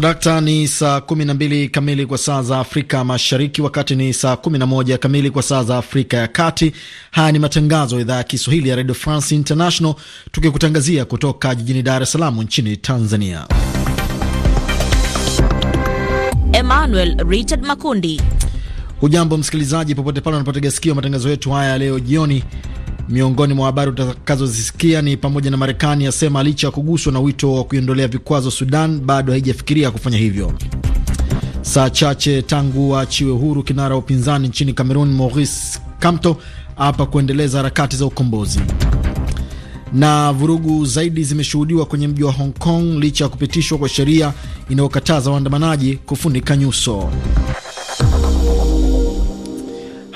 dakta, ni saa 12 kamili kwa saa za Afrika Mashariki, wakati ni saa 11 kamili kwa saa za Afrika ya Kati. Haya ni matangazo ya idhaa ya Kiswahili ya Radio France International, tukikutangazia kutoka jijini Dar es Salaam nchini Tanzania. Emmanuel Richard Makundi. Hujambo msikilizaji, popote pale unapotega sikio matangazo yetu haya leo jioni. Miongoni mwa habari utakazozisikia ni pamoja na Marekani yasema licha ya kuguswa na wito wa kuiondolea vikwazo Sudan, bado haijafikiria kufanya hivyo. Saa chache tangu waachiwe huru kinara wa upinzani nchini cameron Maurice Kamto hapa kuendeleza harakati za ukombozi. Na vurugu zaidi zimeshuhudiwa kwenye mji wa Hong Kong licha ya kupitishwa kwa sheria inayokataza waandamanaji kufunika nyuso.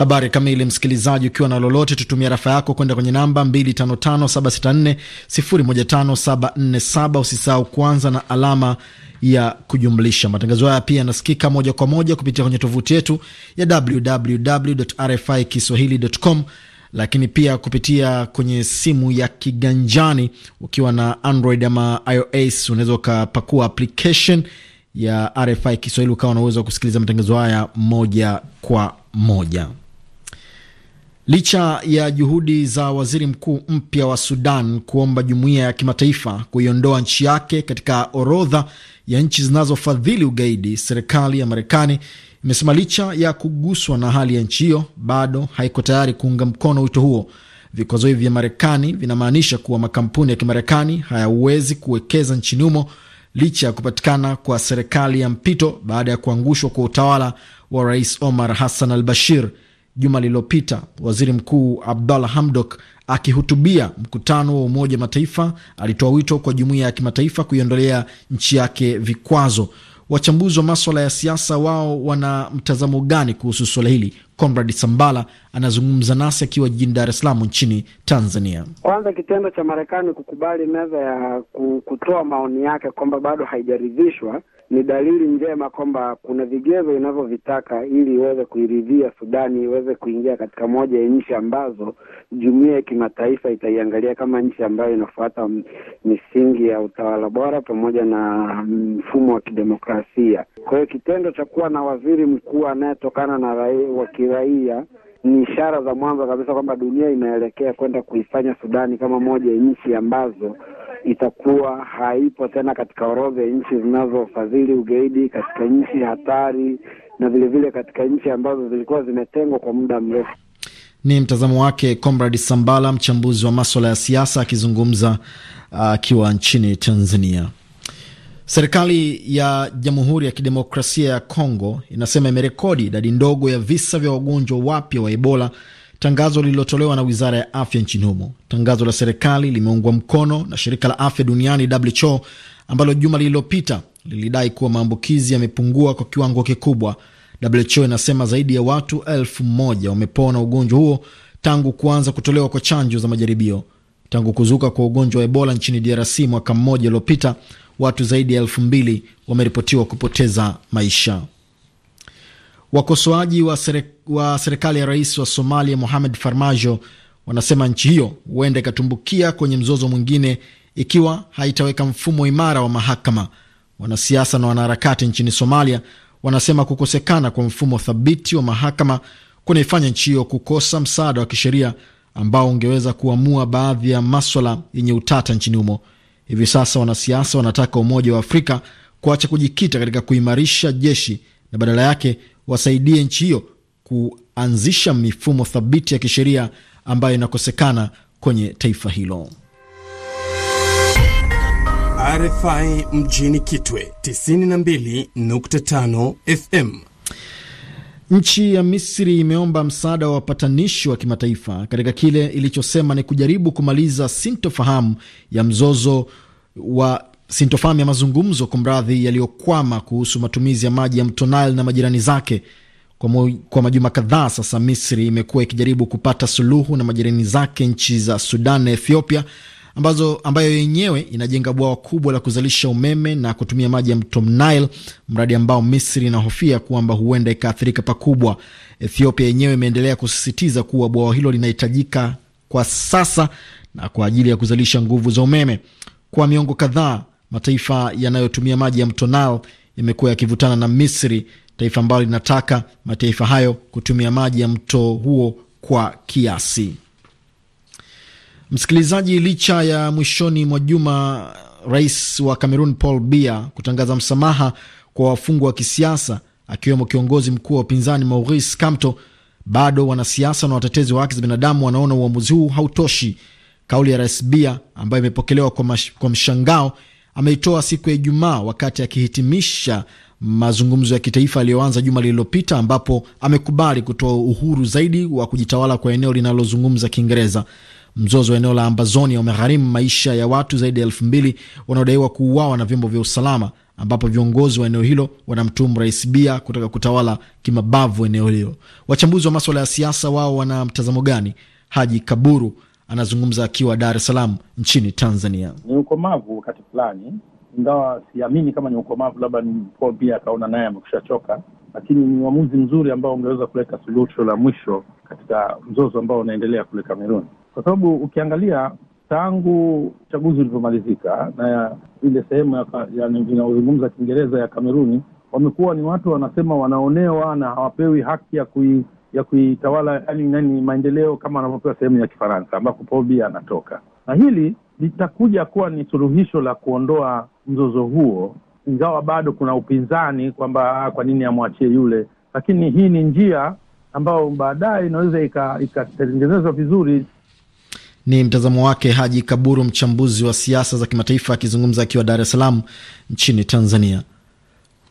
Habari kamili, msikilizaji, ukiwa na lolote, tutumia rafa yako kwenda kwenye namba 255764015747. Usisahau kuanza na alama ya kujumlisha. Matangazo haya pia yanasikika moja kwa moja kupitia kwenye tovuti yetu ya www.rfikiswahili.com lakini pia kupitia kwenye simu ya kiganjani ukiwa na Android ama iOS unaweza ukapakua application ya RFI Kiswahili ukawa na uwezo wa kusikiliza matangazo haya moja kwa moja. Licha ya juhudi za waziri mkuu mpya wa Sudan kuomba jumuiya ya kimataifa kuiondoa nchi yake katika orodha ya nchi zinazofadhili ugaidi, serikali ya Marekani imesema licha ya kuguswa na hali ya nchi hiyo bado haiko tayari kuunga mkono wito huo. Vikwazo hivi vya Marekani vinamaanisha kuwa makampuni ya Kimarekani hayawezi kuwekeza nchini humo licha ya kupatikana kwa serikali ya mpito baada ya kuangushwa kwa utawala wa Rais Omar Hassan al Bashir juma lililopita. Waziri Mkuu abdal Hamdok akihutubia mkutano wa Umoja Mataifa alitoa wito kwa jumuiya ya kimataifa kuiondolea nchi yake vikwazo. Wachambuzi wa maswala ya siasa, wao wana mtazamo gani kuhusu suala hili? Comrad Sambala anazungumza nasi akiwa jijini Dar es Salaam nchini Tanzania. Kwanza, kitendo cha Marekani kukubali meza ya kutoa maoni yake kwamba bado haijaridhishwa ni dalili njema kwamba kuna vigezo inavyovitaka ili iweze kuiridhia Sudani iweze kuingia katika moja ya nchi ambazo jumuiya ya kimataifa itaiangalia kama nchi ambayo inafuata misingi ya utawala bora pamoja na mfumo wa kidemokrasia. Kwa hiyo kitendo cha kuwa na waziri mkuu anayetokana na kiraia ni ishara za mwanzo kabisa kwamba dunia inaelekea kwenda kuifanya Sudani kama moja ya nchi ambazo itakuwa haipo tena katika orodha ya nchi zinazofadhili ugaidi, katika nchi hatari na vilevile vile katika nchi ambazo zilikuwa zimetengwa kwa muda mrefu. Ni mtazamo wake Comrade Sambala, mchambuzi wa maswala ya siasa, akizungumza akiwa uh, nchini Tanzania. Serikali ya Jamhuri ya Kidemokrasia ya Kongo inasema imerekodi idadi ndogo ya visa vya wagonjwa wapya wa Ebola, tangazo lililotolewa na wizara ya afya nchini humo. Tangazo la serikali limeungwa mkono na shirika la afya duniani WHO, ambalo juma lililopita lilidai kuwa maambukizi yamepungua kwa kiwango kikubwa. WHO inasema zaidi ya watu elfu moja wamepona ugonjwa huo tangu kuanza kutolewa kwa chanjo za majaribio. Tangu kuzuka kwa ugonjwa wa Ebola nchini DRC mwaka mmoja uliopita, watu zaidi ya elfu mbili wameripotiwa kupoteza maisha. Wakosoaji wa, sere, wa serikali ya rais wa Somalia Mohamed Farmajo wanasema nchi hiyo huenda ikatumbukia kwenye mzozo mwingine ikiwa haitaweka mfumo imara wa mahakama. Wanasiasa na wanaharakati nchini Somalia wanasema kukosekana kwa mfumo thabiti wa mahakama kunaifanya nchi hiyo kukosa msaada wa kisheria ambao ungeweza kuamua baadhi ya maswala yenye utata nchini humo. Hivi sasa wanasiasa wanataka Umoja wa Afrika kuacha kujikita katika kuimarisha jeshi na badala yake wasaidie nchi hiyo kuanzisha mifumo thabiti ya kisheria ambayo inakosekana kwenye taifa hilo. RFI mjini Kitwe 92.5 FM. Nchi ya Misri imeomba msaada wa wapatanishi wa kimataifa katika kile ilichosema ni kujaribu kumaliza sintofahamu ya mzozo wa sintofahamu ya mazungumzo kwa mradhi yaliyokwama kuhusu matumizi ya maji ya mto Nile na majirani zake. Kwa, kwa majuma kadhaa sasa Misri imekuwa ikijaribu kupata suluhu na majirani zake nchi za Sudan na Ethiopia ambazo ambayo yenyewe inajenga bwawa kubwa la kuzalisha umeme na kutumia maji ya mto Nile, mradi ambao Misri inahofia kwamba huenda ikaathirika pakubwa. Ethiopia yenyewe imeendelea kusisitiza kuwa bwawa hilo linahitajika kwa sasa na kwa ajili ya kuzalisha nguvu za umeme. Kwa miongo kadhaa, mataifa yanayotumia maji ya mto Nile yamekuwa yakivutana na Misri, taifa ambalo linataka mataifa hayo kutumia maji ya mto huo kwa kiasi. Msikilizaji, licha ya mwishoni mwa juma rais wa cameron Paul Biya kutangaza msamaha kwa wafungwa wa kisiasa akiwemo kiongozi mkuu wa upinzani Maurice Kamto, bado wanasiasa na watetezi wa haki za binadamu wanaona uamuzi huu hautoshi. Kauli ya rais Biya ambayo imepokelewa kwa, kwa mshangao ameitoa siku ya Ijumaa wakati akihitimisha mazungumzo ya kitaifa yaliyoanza juma lililopita, ambapo amekubali kutoa uhuru zaidi wa kujitawala kwa eneo linalozungumza Kiingereza. Mzozo wa eneo la Ambazonia umegharimu maisha ya watu zaidi ya elfu mbili wanaodaiwa kuuawa na vyombo vya usalama, ambapo viongozi wa eneo hilo wanamtuhumu Rais bia kutaka kutawala kimabavu eneo hilo. Wachambuzi wa maswala ya siasa wao wana mtazamo gani? Haji Kaburu anazungumza akiwa Dar es Salaam nchini Tanzania. Ni ukomavu wakati fulani, ingawa siamini kama ni ukomavu, labda ni mkoa pia akaona naye amekusha choka, lakini ni uamuzi mzuri ambao ungeweza kuleta suluhisho la mwisho katika mzozo ambao unaendelea kule Kameruni kwa sababu ukiangalia tangu uchaguzi ulivyomalizika na ile sehemu inayozungumza Kiingereza ya Kameruni, wamekuwa ni watu wanasema wanaonewa na hawapewi haki ya kui, ya kuitawala yani nani maendeleo kama wanavyopewa sehemu ya Kifaransa ambako Pobia anatoka, na hili litakuja kuwa ni suluhisho la kuondoa mzozo huo, ingawa bado kuna upinzani kwamba ah, kwa nini amwachie yule, lakini hii ni njia ambayo baadaye inaweza ikatengenezwa ika vizuri ni mtazamo wake Haji Kaburu, mchambuzi wa siasa za kimataifa, akizungumza akiwa Dar es Salaam nchini Tanzania.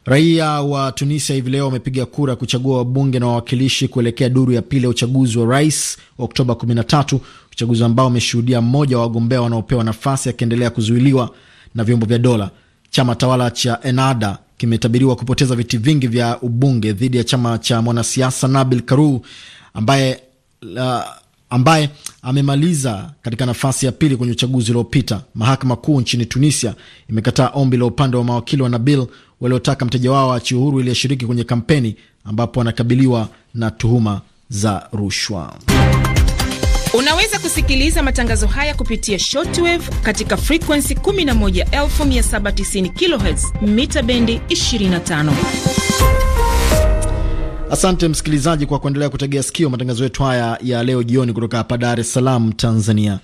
Raia wa Tunisia hivi leo wamepiga kura kuchagua wabunge na wawakilishi kuelekea duru ya pili ya uchaguzi wa rais wa Oktoba 13, uchaguzi ambao umeshuhudia mmoja wa wagombea wanaopewa nafasi akiendelea kuzuiliwa na vyombo vya dola. Chama tawala cha Ennahda kimetabiriwa kupoteza viti vingi vya ubunge dhidi ya chama cha mwanasiasa Nabil Karoui ambaye la, ambaye amemaliza katika nafasi ya pili kwenye uchaguzi uliopita. Mahakama Kuu nchini Tunisia imekataa ombi la upande wa mawakili wa Nabil waliotaka mteja wao achi uhuru ili ashiriki kwenye kampeni, ambapo anakabiliwa na tuhuma za rushwa. Unaweza kusikiliza matangazo haya kupitia shortwave katika frequency 11790 kHz mita bendi 25. Asante msikilizaji kwa kuendelea kutegea sikio matangazo yetu haya ya leo jioni kutoka hapa Dar es Salaam, Tanzania.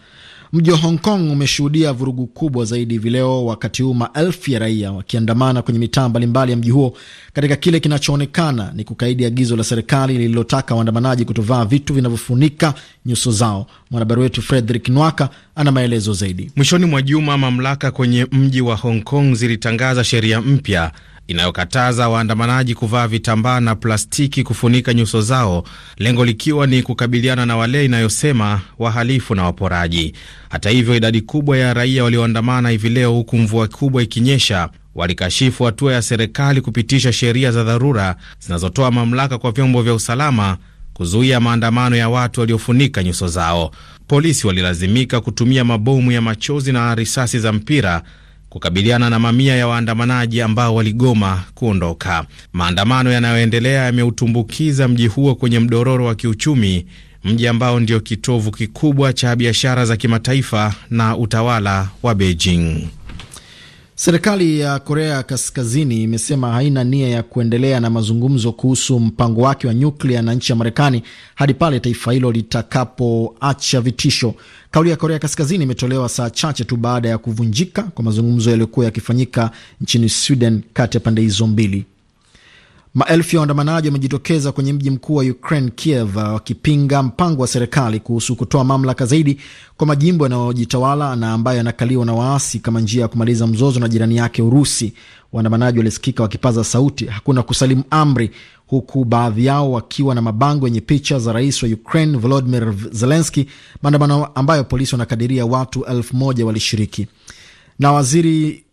Mji wa Hong Kong umeshuhudia vurugu kubwa zaidi hivi leo, wakati huu maelfu ya raia wakiandamana kwenye mitaa mbalimbali ya mji huo katika kile kinachoonekana ni kukaidi agizo la serikali lililotaka waandamanaji kutovaa vitu vinavyofunika nyuso zao. Mwanahabari wetu Frederick Nwaka ana maelezo zaidi. Mwishoni mwa juma mamlaka kwenye mji wa Hong Kong zilitangaza sheria mpya inayokataza waandamanaji kuvaa vitambaa na plastiki kufunika nyuso zao, lengo likiwa ni kukabiliana na wale inayosema wahalifu na waporaji. Hata hivyo, idadi kubwa ya raia walioandamana hivi leo, huku mvua kubwa ikinyesha, walikashifu hatua ya serikali kupitisha sheria za dharura zinazotoa mamlaka kwa vyombo vya usalama kuzuia maandamano ya watu waliofunika nyuso zao. Polisi walilazimika kutumia mabomu ya machozi na risasi za mpira kukabiliana na mamia ya waandamanaji ambao waligoma kuondoka. Maandamano yanayoendelea yameutumbukiza mji huo kwenye mdororo wa kiuchumi, mji ambao ndio kitovu kikubwa cha biashara za kimataifa na utawala wa Beijing. Serikali ya Korea Kaskazini imesema haina nia ya kuendelea na mazungumzo kuhusu mpango wake wa nyuklia na nchi ya Marekani hadi pale taifa hilo litakapoacha vitisho. Kauli ya Korea Kaskazini imetolewa saa chache tu baada ya kuvunjika kwa mazungumzo yaliyokuwa yakifanyika nchini Sweden kati ya pande hizo mbili. Maelfu ya waandamanaji wamejitokeza kwenye mji mkuu wa Ukraine, Kiev, wakipinga mpango wa serikali kuhusu kutoa mamlaka zaidi kwa majimbo yanayojitawala na ambayo yanakaliwa na waasi kama njia ya kumaliza mzozo na jirani yake Urusi. Waandamanaji walisikika wakipaza sauti hakuna kusalimu amri, huku baadhi yao wakiwa na mabango yenye picha za rais wa Ukraine Volodimir Zelenski, maandamano ambayo polisi wanakadiria watu elfu moja walishiriki na waziri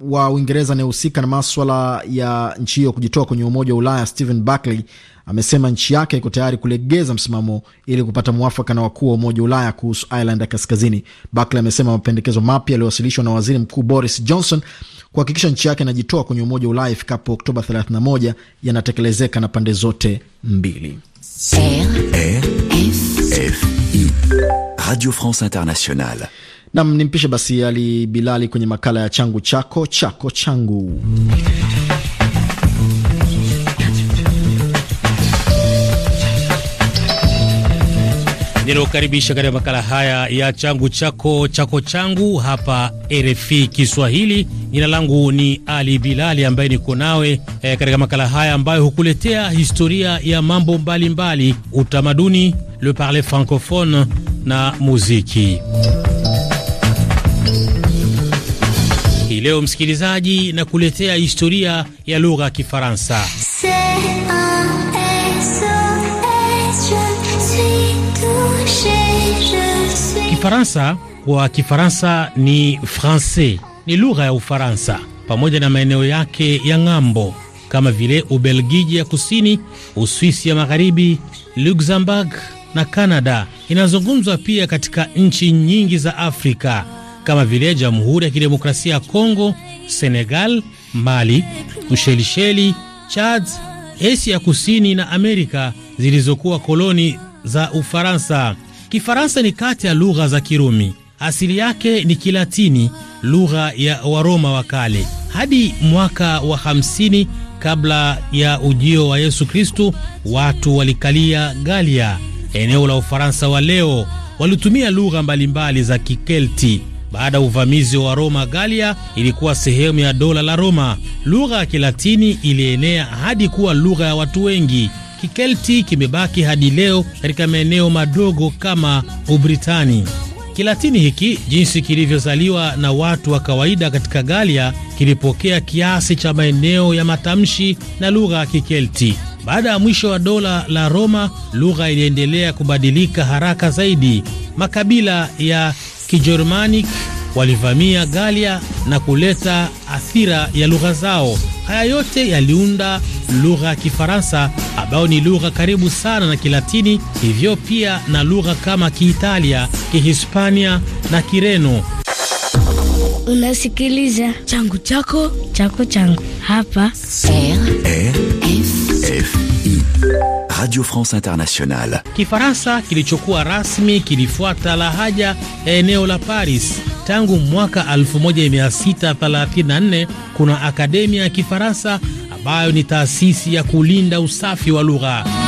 wa Uingereza anayehusika na maswala ya nchi hiyo kujitoa kwenye Umoja wa Ulaya, Stephen Barclay amesema nchi yake iko tayari kulegeza msimamo ili kupata mwafaka na wakuu wa Umoja wa Ulaya kuhusu Ireland ya Kaskazini. Barclay amesema mapendekezo mapya yaliyowasilishwa na Waziri Mkuu Boris Johnson kuhakikisha nchi yake inajitoa kwenye Umoja wa Ulaya ifikapo Oktoba 31 yanatekelezeka na pande zote mbili. Radio France Internationale. Nam ni mpishe basi Ali Bilali kwenye makala ya changu chako chako changu. ninaokaribisha katika makala haya ya changu chako chako changu hapa RFI Kiswahili. Jina langu ni Ali Bilali ambaye niko nawe e, katika makala haya ambayo hukuletea historia ya mambo mbalimbali mbali, utamaduni, le parler francophone na muziki. hii leo msikilizaji, na kuletea historia ya lugha ya Kifaransa. Kifaransa kwa Kifaransa ni francais, ni lugha ya Ufaransa pamoja na maeneo yake ya ng'ambo kama vile Ubelgiji ya kusini, Uswisi ya magharibi, Luxembourg na Kanada. Inazungumzwa pia katika nchi nyingi za Afrika kama vile Jamhuri ya Kidemokrasia ya Kongo, Senegal, Mali, Ushelisheli, Chad, Asia Kusini na Amerika zilizokuwa koloni za Ufaransa. Kifaransa ni kati ya lugha za Kirumi. Asili yake ni Kilatini, lugha ya Waroma wa kale. Hadi mwaka wa 50 kabla ya ujio wa Yesu Kristu, watu walikalia Galia, eneo la Ufaransa wa leo. Walitumia lugha mbalimbali za Kikelti baada ya uvamizi wa Roma. Galia ilikuwa sehemu ya dola la Roma. Lugha ya Kilatini ilienea hadi kuwa lugha ya watu wengi. Kikelti kimebaki hadi leo katika maeneo madogo kama Ubritani. Kilatini hiki jinsi kilivyozaliwa na watu wa kawaida katika Galia kilipokea kiasi cha maeneo ya matamshi na lugha ya Kikelti. Baada ya mwisho wa dola la Roma, lugha iliendelea kubadilika haraka zaidi. Makabila ya Kijerumani walivamia Galia na kuleta athira ya lugha zao. Haya yote yaliunda lugha ya Kifaransa ambayo ni lugha karibu sana na Kilatini, hivyo pia na lugha kama Kiitalia, Kihispania na Kireno. Unasikiliza changu chako chako changu hapa RFI. Radio France Internationale. Kifaransa kilichokuwa rasmi kilifuata lahaja ya eneo la Paris. Tangu mwaka 1634 kuna akademia ya Kifaransa ambayo ni taasisi ya kulinda usafi wa lugha.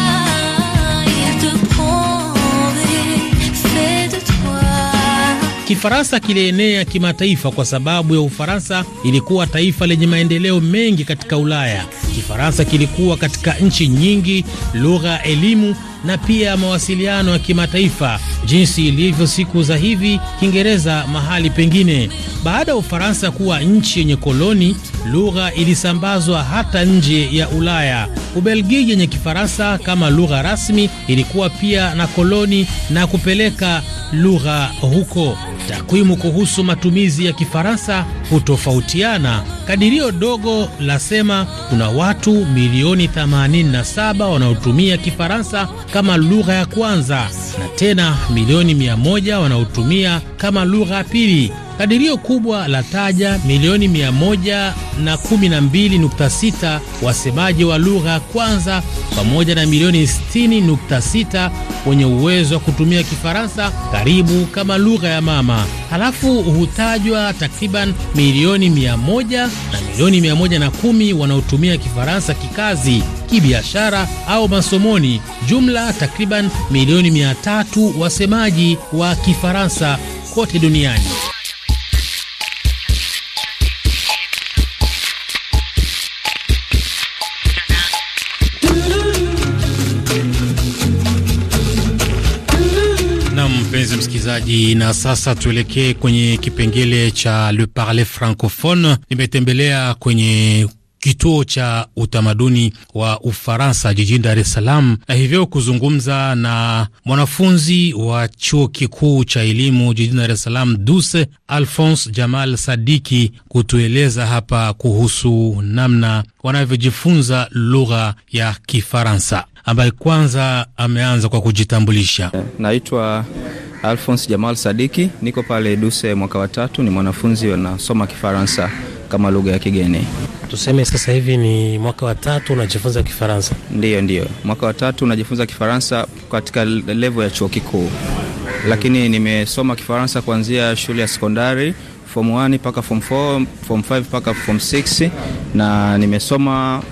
Kifaransa kilienea kimataifa kwa sababu ya Ufaransa ilikuwa taifa lenye maendeleo mengi katika Ulaya. Kifaransa kilikuwa katika nchi nyingi, lugha ya elimu na pia mawasiliano ya kimataifa, jinsi ilivyo siku za hivi Kiingereza mahali pengine. Baada ya Ufaransa kuwa nchi yenye koloni, lugha ilisambazwa hata nje ya Ulaya. Ubelgiji yenye Kifaransa kama lugha rasmi ilikuwa pia na koloni na kupeleka lugha huko. Takwimu kuhusu matumizi ya Kifaransa hutofautiana. Kadirio dogo lasema kuna watu milioni 87 wanaotumia Kifaransa kama lugha ya kwanza na tena milioni 100 wanaotumia kama lugha ya pili. Kadirio kubwa la taja milioni 112.6 wasemaji wa lugha kwanza pamoja na milioni 60.6 wenye uwezo wa kutumia Kifaransa karibu kama lugha ya mama. Halafu hutajwa takriban milioni 100 na milioni 110 wanaotumia Kifaransa kikazi, kibiashara au masomoni, jumla takriban milioni 300 wasemaji wa Kifaransa kote duniani. msikilizaji, na sasa tuelekee kwenye kipengele cha Le Parle Francophone. Nimetembelea kwenye kituo cha utamaduni wa Ufaransa jijini Dar es Salaam na hivyo kuzungumza na mwanafunzi wa chuo kikuu cha elimu jijini Dar es Salaam Duse Alphonse Jamal Sadiki kutueleza hapa kuhusu namna wanavyojifunza lugha ya Kifaransa ambaye kwanza ameanza kwa kujitambulisha. Naitwa Alphonse Jamal Sadiki, niko pale Duse mwaka wa tatu, ni mwanafunzi wanasoma Kifaransa kama lugha ya kigeni. Tuseme sasa hivi ni mwaka wa tatu unajifunza Kifaransa? Ndiyo, ndiyo, mwaka wa tatu unajifunza Kifaransa katika levo ya chuo kikuu, lakini nimesoma Kifaransa kuanzia shule ya sekondari form 1 mpaka form 4, form 5 mpaka form 6 na nimesoma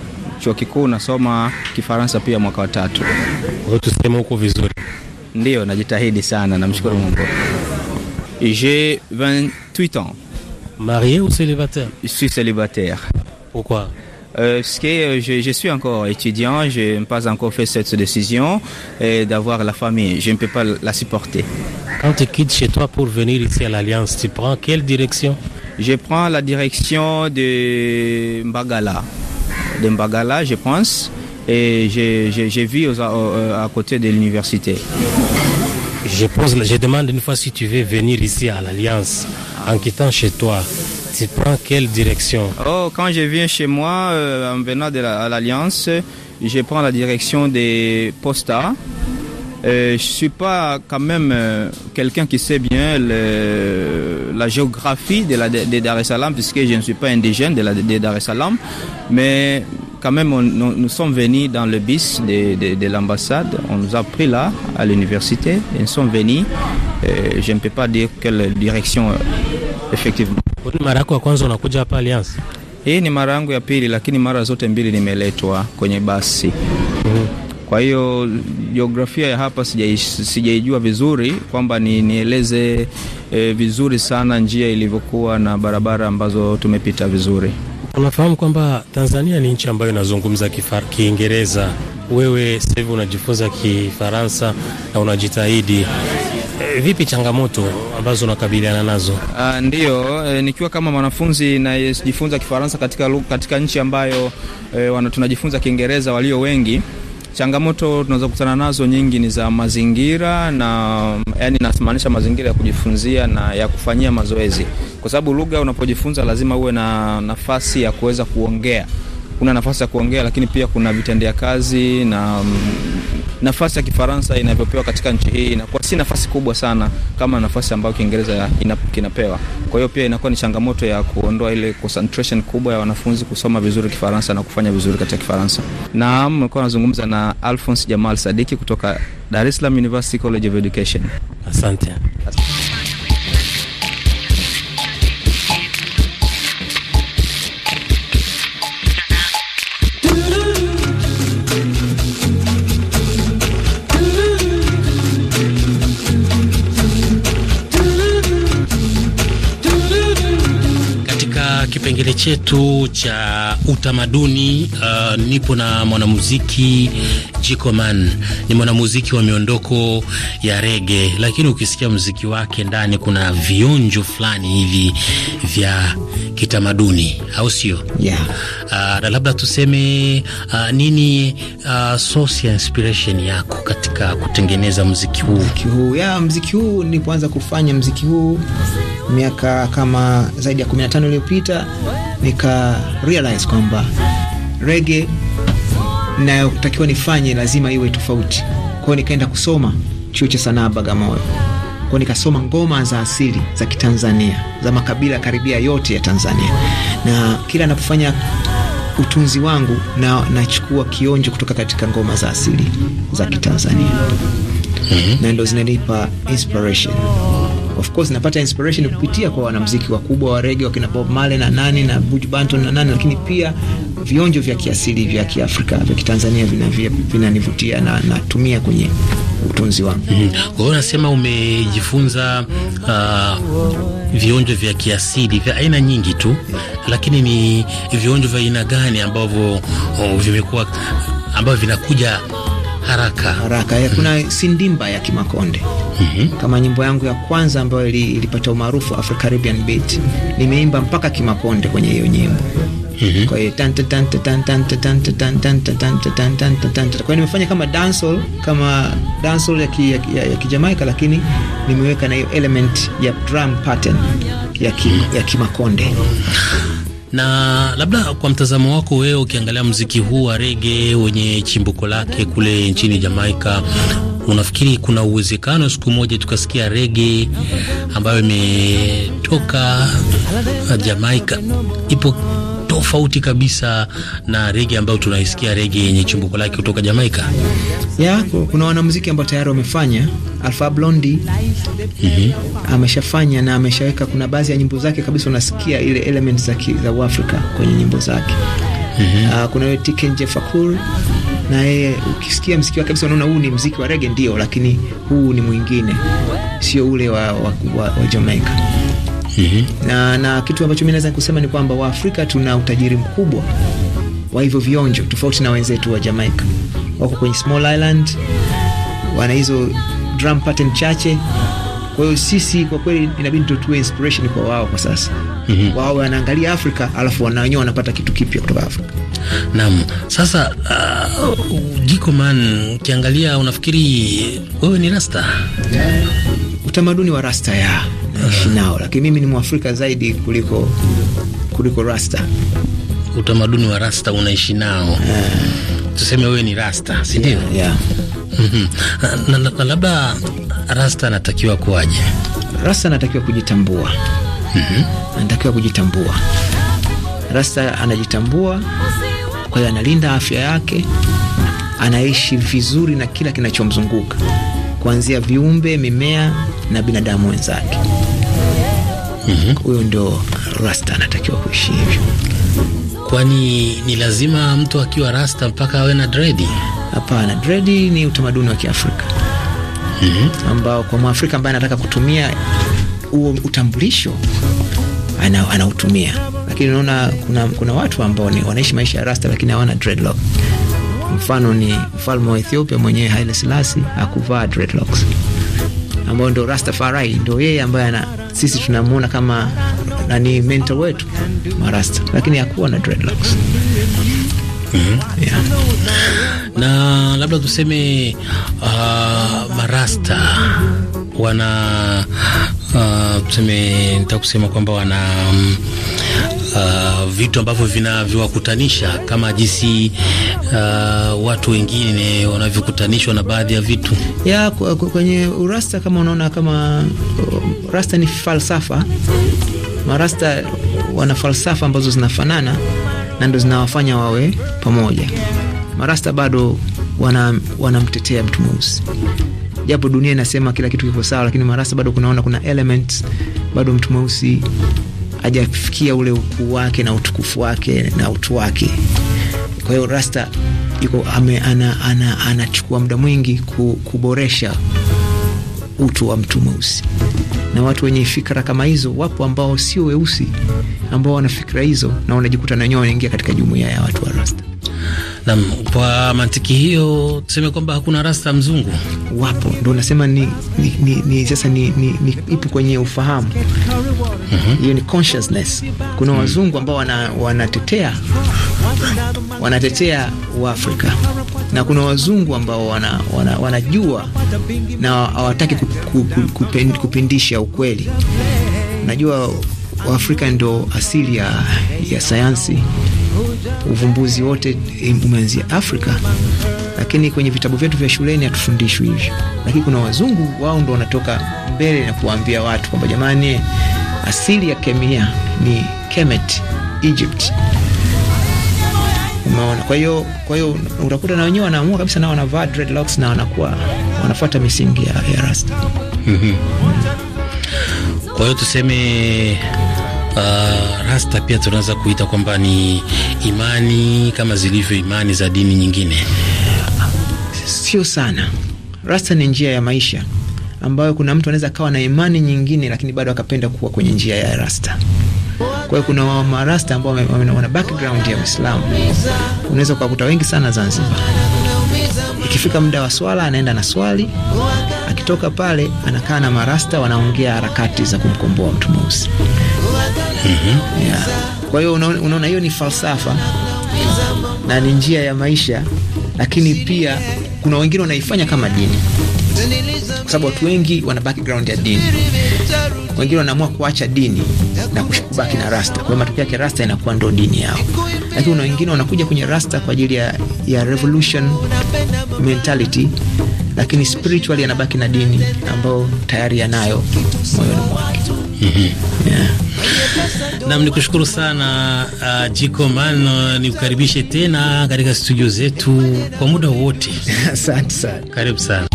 sana, J'ai 28 ans. Marié ou célibataire? Je suis célibataire. Pourquoi? Euh, parce que euh, je, suis encore étudiant, je n'ai pas encore fait cette décision euh, d'avoir la famille. Je ne peux pas la supporter. Quand tu quittes chez toi pour venir ici à l'Alliance, tu prends quelle direction Je prends la direction de Mbagala de Mbagala, je pense, et je, vis euh, euh, à, côté de l'université. Je, pose, je demande une fois si tu veux venir ici à l'Alliance en quittant chez toi. Tu prends quelle direction oh, Quand je viens chez moi, euh, en venant de à l'Alliance, je prends la direction des Postas je euh, je suis pas quand même euh, quelqu'un qui sait bien la géographie de, la, Dar es Salaam, puisque je ne suis pas indigène de, la, Dar es Salaam, mais quand même, nous sommes venus dans le bis de, l'ambassade, on nous a pris là, à l'université, et nous sommes venus, euh, je ne peux pas dire quelle direction, effectivement. Kwa hiyo jiografia ya hapa sijaijua vizuri kwamba ni, nieleze e, vizuri sana njia ilivyokuwa na barabara ambazo tumepita vizuri. Unafahamu kwamba Tanzania ni nchi ambayo inazungumza Kiingereza. Wewe sasa hivi unajifunza Kifaransa na unajitahidi eh, Vipi changamoto ambazo unakabiliana nazo? Uh, e, nikiwa kama mwanafunzi nayejifunza Kifaransa katika, katika nchi ambayo e, tunajifunza Kiingereza walio wengi Changamoto tunaweza kukutana nazo nyingi ni za mazingira na yani, nasimaanisha mazingira ya kujifunzia na ya kufanyia mazoezi, kwa sababu lugha unapojifunza lazima uwe na nafasi ya kuweza kuongea, kuna nafasi ya kuongea, lakini pia kuna vitendea kazi na nafasi ya Kifaransa inavyopewa katika nchi hii inakuwa si nafasi kubwa sana kama nafasi ambayo Kiingereza kinapewa. Kwa hiyo pia inakuwa ni changamoto ya kuondoa ile concentration kubwa ya wanafunzi kusoma vizuri Kifaransa na kufanya vizuri katika Kifaransa. Naam, nilikuwa nazungumza na Alphonse Jamal Sadiki kutoka Dar es Salaam University College of Education. Asante. Asante. chetu cha utamaduni uh, nipo na mwanamuziki Jikoman. Ni mwanamuziki wa miondoko ya rege, lakini ukisikia muziki wake ndani kuna vionjo fulani hivi vya kitamaduni, au sio? Yeah. Uh, na labda tuseme uh, nini uh, source ya inspiration yako katika kutengeneza muziki huu? Muziki huu, ya, muziki huu nilipoanza kufanya muziki huu miaka kama zaidi ya 15 iliyopita, nika realize kwamba rege nayotakiwa nifanye lazima iwe tofauti. Kwao nikaenda kusoma chuo cha sanaa Bagamoyo, kwao nikasoma ngoma za asili za Kitanzania za makabila karibia yote ya Tanzania, na kila napofanya utunzi wangu na nachukua kionjo kutoka katika ngoma za asili za Kitanzania mm -hmm. na ndo zinanipa inspiration of course napata inspiration kupitia kwa wanamuziki wakubwa wa rege wakina Bob Marley na nani na Buju Banton na nani, lakini pia vionjo vya kiasili vya Kiafrika vya Kitanzania vinanivutia na natumia kwenye utunzi wangu. Mhm. Kwa hiyo unasema umejifunza uh vionjo vya kiasili vya aina nyingi tu, lakini ni vionjo vya aina gani ambavyo uh, vimekuwa ambavyo vinakuja haraka haraka. Kuna sindimba ya Kimakonde mm -hmm. kama nyimbo yangu ya kwanza ambayo ilipata umaarufu Afro Caribbean Beat, nimeimba mpaka Kimakonde kwenye hiyo nyimbo. Kwa hiyo kwa nimefanya kama dancehall kama dancehall ya, ki, ya, ya, ya Kijamaika, lakini nimeweka na hiyo element ya drum pattern ya, ki, ya Kimakonde na labda kwa mtazamo wako wewe, ukiangalia mziki huu wa rege wenye chimbuko lake kule nchini Jamaika, unafikiri kuna uwezekano siku moja tukasikia rege ambayo imetoka Jamaika ipo tofauti kabisa na rege ambayo tunaisikia, rege yenye chimbuko lake kutoka Jamaika. Yeah, kuna wanamuziki ambao tayari wamefanya. Alpha Blondy mm -hmm. ameshafanya na ameshaweka, kuna baadhi ya nyimbo zake kabisa unasikia ile element za za Uafrika kwenye nyimbo zake mm -hmm. kuna yule Tikenje Fakur na yeye ukisikia mziki wake kabisa unaona huu ni mziki wa rege, ndio, lakini huu ni mwingine, sio ule wa, wa, wa, wa Jamaica. -hmm. na, na kitu ambacho mi naweza kusema ni kwamba Waafrika tuna utajiri mkubwa wa hivyo vionjo tofauti na wenzetu wa Jamaica, wako kwenye small island, wana hizo drum pattern chache. Kwa hiyo sisi kwa kweli inabidi tutue inspiration kwa wao kwa sasa. mm -hmm. Wao wanaangalia Afrika alafu wana wanapata kitu kipya kutoka Afrika. Naam, sasa uh, Jiko Man, ukiangalia unafikiri wewe ni rasta? Yeah. Utamaduni wa rasta ya naishi nao, lakini mimi ni Mwafrika zaidi kuliko kuliko rasta. Utamaduni wa rasta unaishi nao yeah. Tuseme wewe ni rasta, si ndio? yeah, yeah. mm -hmm. na, na, na labda rasta anatakiwa kuwaje? Rasta anatakiwa kujitambua. mm -hmm. Anatakiwa kujitambua. Rasta anajitambua, kwa hiyo analinda afya yake, anaishi vizuri na kila kinachomzunguka kuanzia viumbe, mimea na binadamu wenzake. Mhm. huyo mm -hmm. Ndio rasta anatakiwa kuishi hivyo. Kwani ni lazima mtu akiwa rasta mpaka awe na dredi? Hapana, dredi ni utamaduni wa Kiafrika mm -hmm. ambao kwa Mwafrika ambaye anataka kutumia huo utambulisho anautumia ana, lakini unaona kuna, kuna watu ambao ni wanaishi maisha ya rasta lakini hawana dreadlock. Mfano ni mfalme wa Ethiopia mwenyewe Haile Selassie dreadlocks ambayo ndo Rastafari, ndo yeye ambaye sisi tunamuona kama nani mentor wetu Marasta, lakini hakuwa na dreadlocks. Mm -hmm. Yeah. Na labda tuseme uh, Marasta wana uh, tuseme nitakusema kwamba wana um, uh, vitu ambavyo vinavyowakutanisha kama jinsi uh, watu wengine wanavyokutanishwa na baadhi ya vitu ya kwenye urasta. Kama unaona kama uh, rasta ni falsafa, marasta wana falsafa ambazo zinafanana na ndo zinawafanya wawe pamoja. Marasta bado wanamtetea wana mtu mweusi japo dunia inasema kila kitu kiko sawa, lakini marasta bado kunaona kuna elements bado mtu mweusi hajafikia ule ukuu wake na utukufu wake na utu wake. Kwa hiyo Rasta yuko anachukua ana, ana muda mwingi kuboresha utu wa mtu mweusi, na watu wenye fikra kama hizo wapo, ambao sio weusi, ambao wana fikra hizo na wanajikuta na wenyewe wanaingia katika jumuiya ya watu wa Rasta. Nam, kwa mantiki hiyo tuseme kwamba hakuna rasta mzungu. Wapo, ndo nasema ni, ni, ni, ni sasa ni, ni, ni ipo kwenye ufahamu hiyo mm -hmm. ni consciousness. Kuna wazungu ambao wana, wanatetea wanatetea Waafrika na kuna wazungu ambao wana, wana, wanajua na hawataki kupindisha ukweli. Najua Waafrika ndio asili ya, ya sayansi. Uvumbuzi wote umeanzia Afrika, lakini kwenye vitabu vyetu vya shuleni hatufundishwi hivyo. Lakini kuna wazungu, wao ndo wanatoka mbele na kuwaambia watu kwamba jamani Asili ya kemia ni Kemet, Egypt. Umeona? Kwa hiyo kwa hiyo utakuta na wenyewe wanaamua kabisa, nao wanavaa dreadlocks na wanakuwa wanafuata misingi ya, ya rasta. mm -hmm. Kwa hiyo tuseme Uh, rasta pia tunaweza kuita kwamba ni imani kama zilivyo imani za dini nyingine. Sio sana, rasta ni njia ya maisha ambayo kuna mtu anaweza akawa na imani nyingine, lakini bado akapenda kuwa kwenye njia ya rasta. Kwa hiyo kuna marasta ambao wana background ya Uislamu, unaweza kuwakuta wengi sana Zanzibar. Ikifika muda wa swala anaenda na swali, akitoka pale anakaa na marasta, wanaongea harakati za kumkomboa mtu mweusi. Mhm. yeah. Kwa hiyo unaona, hiyo ni falsafa na ni njia ya maisha, lakini pia kuna wengine wanaifanya kama dini kwa sababu watu wengi wana background ya dini, wengine wanaamua kuacha dini na kubaki na rasta. Kwa matokeo yake rasta inakuwa ndo dini yao, lakini kuna wengine wanakuja kwenye rasta kwa ajili ya, ya revolution mentality, lakini spiritually anabaki na dini ambayo tayari yanayo moyoni mwake. Mhm. Yeah. Nam ni kushukuru sana uh, Jiko Man, ni tena katika studio zetu kwa muda wote. Asante sana, karibu sana.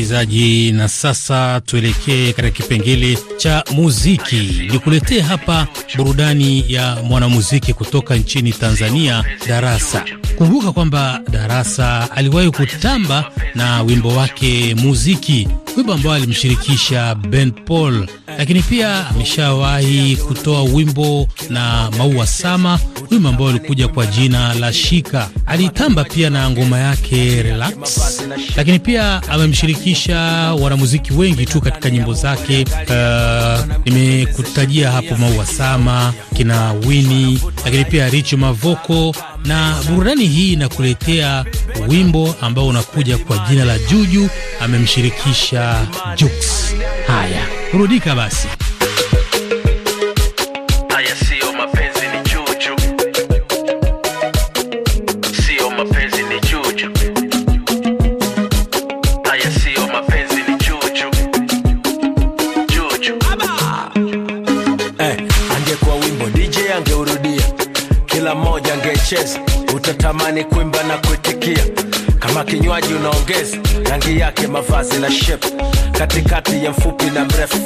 msikilizaji, na sasa tuelekee katika kipengele cha muziki. Nikuletee hapa burudani ya mwanamuziki kutoka nchini Tanzania, Darasa. Kumbuka kwamba Darasa aliwahi kutamba na wimbo wake Muziki, wimbo ambao alimshirikisha Ben Paul, lakini pia ameshawahi kutoa wimbo na Maua Sama, wimbo ambao alikuja kwa jina la Shika. Alitamba pia na ngoma yake Relax, lakini pia amemshiriki amewaandikisha wanamuziki wengi tu katika nyimbo zake. Uh, nimekutajia hapo Maua Sama, kina Wini, lakini pia Richo Mavoko na burudani hii inakuletea wimbo ambao unakuja kwa jina la Juju, amemshirikisha Jux. Haya, burudika basi. ukicheza utatamani kuimba na kuitikia kama kinywaji unaongeza rangi yake mavazi na shep katikati ya mfupi na mrefu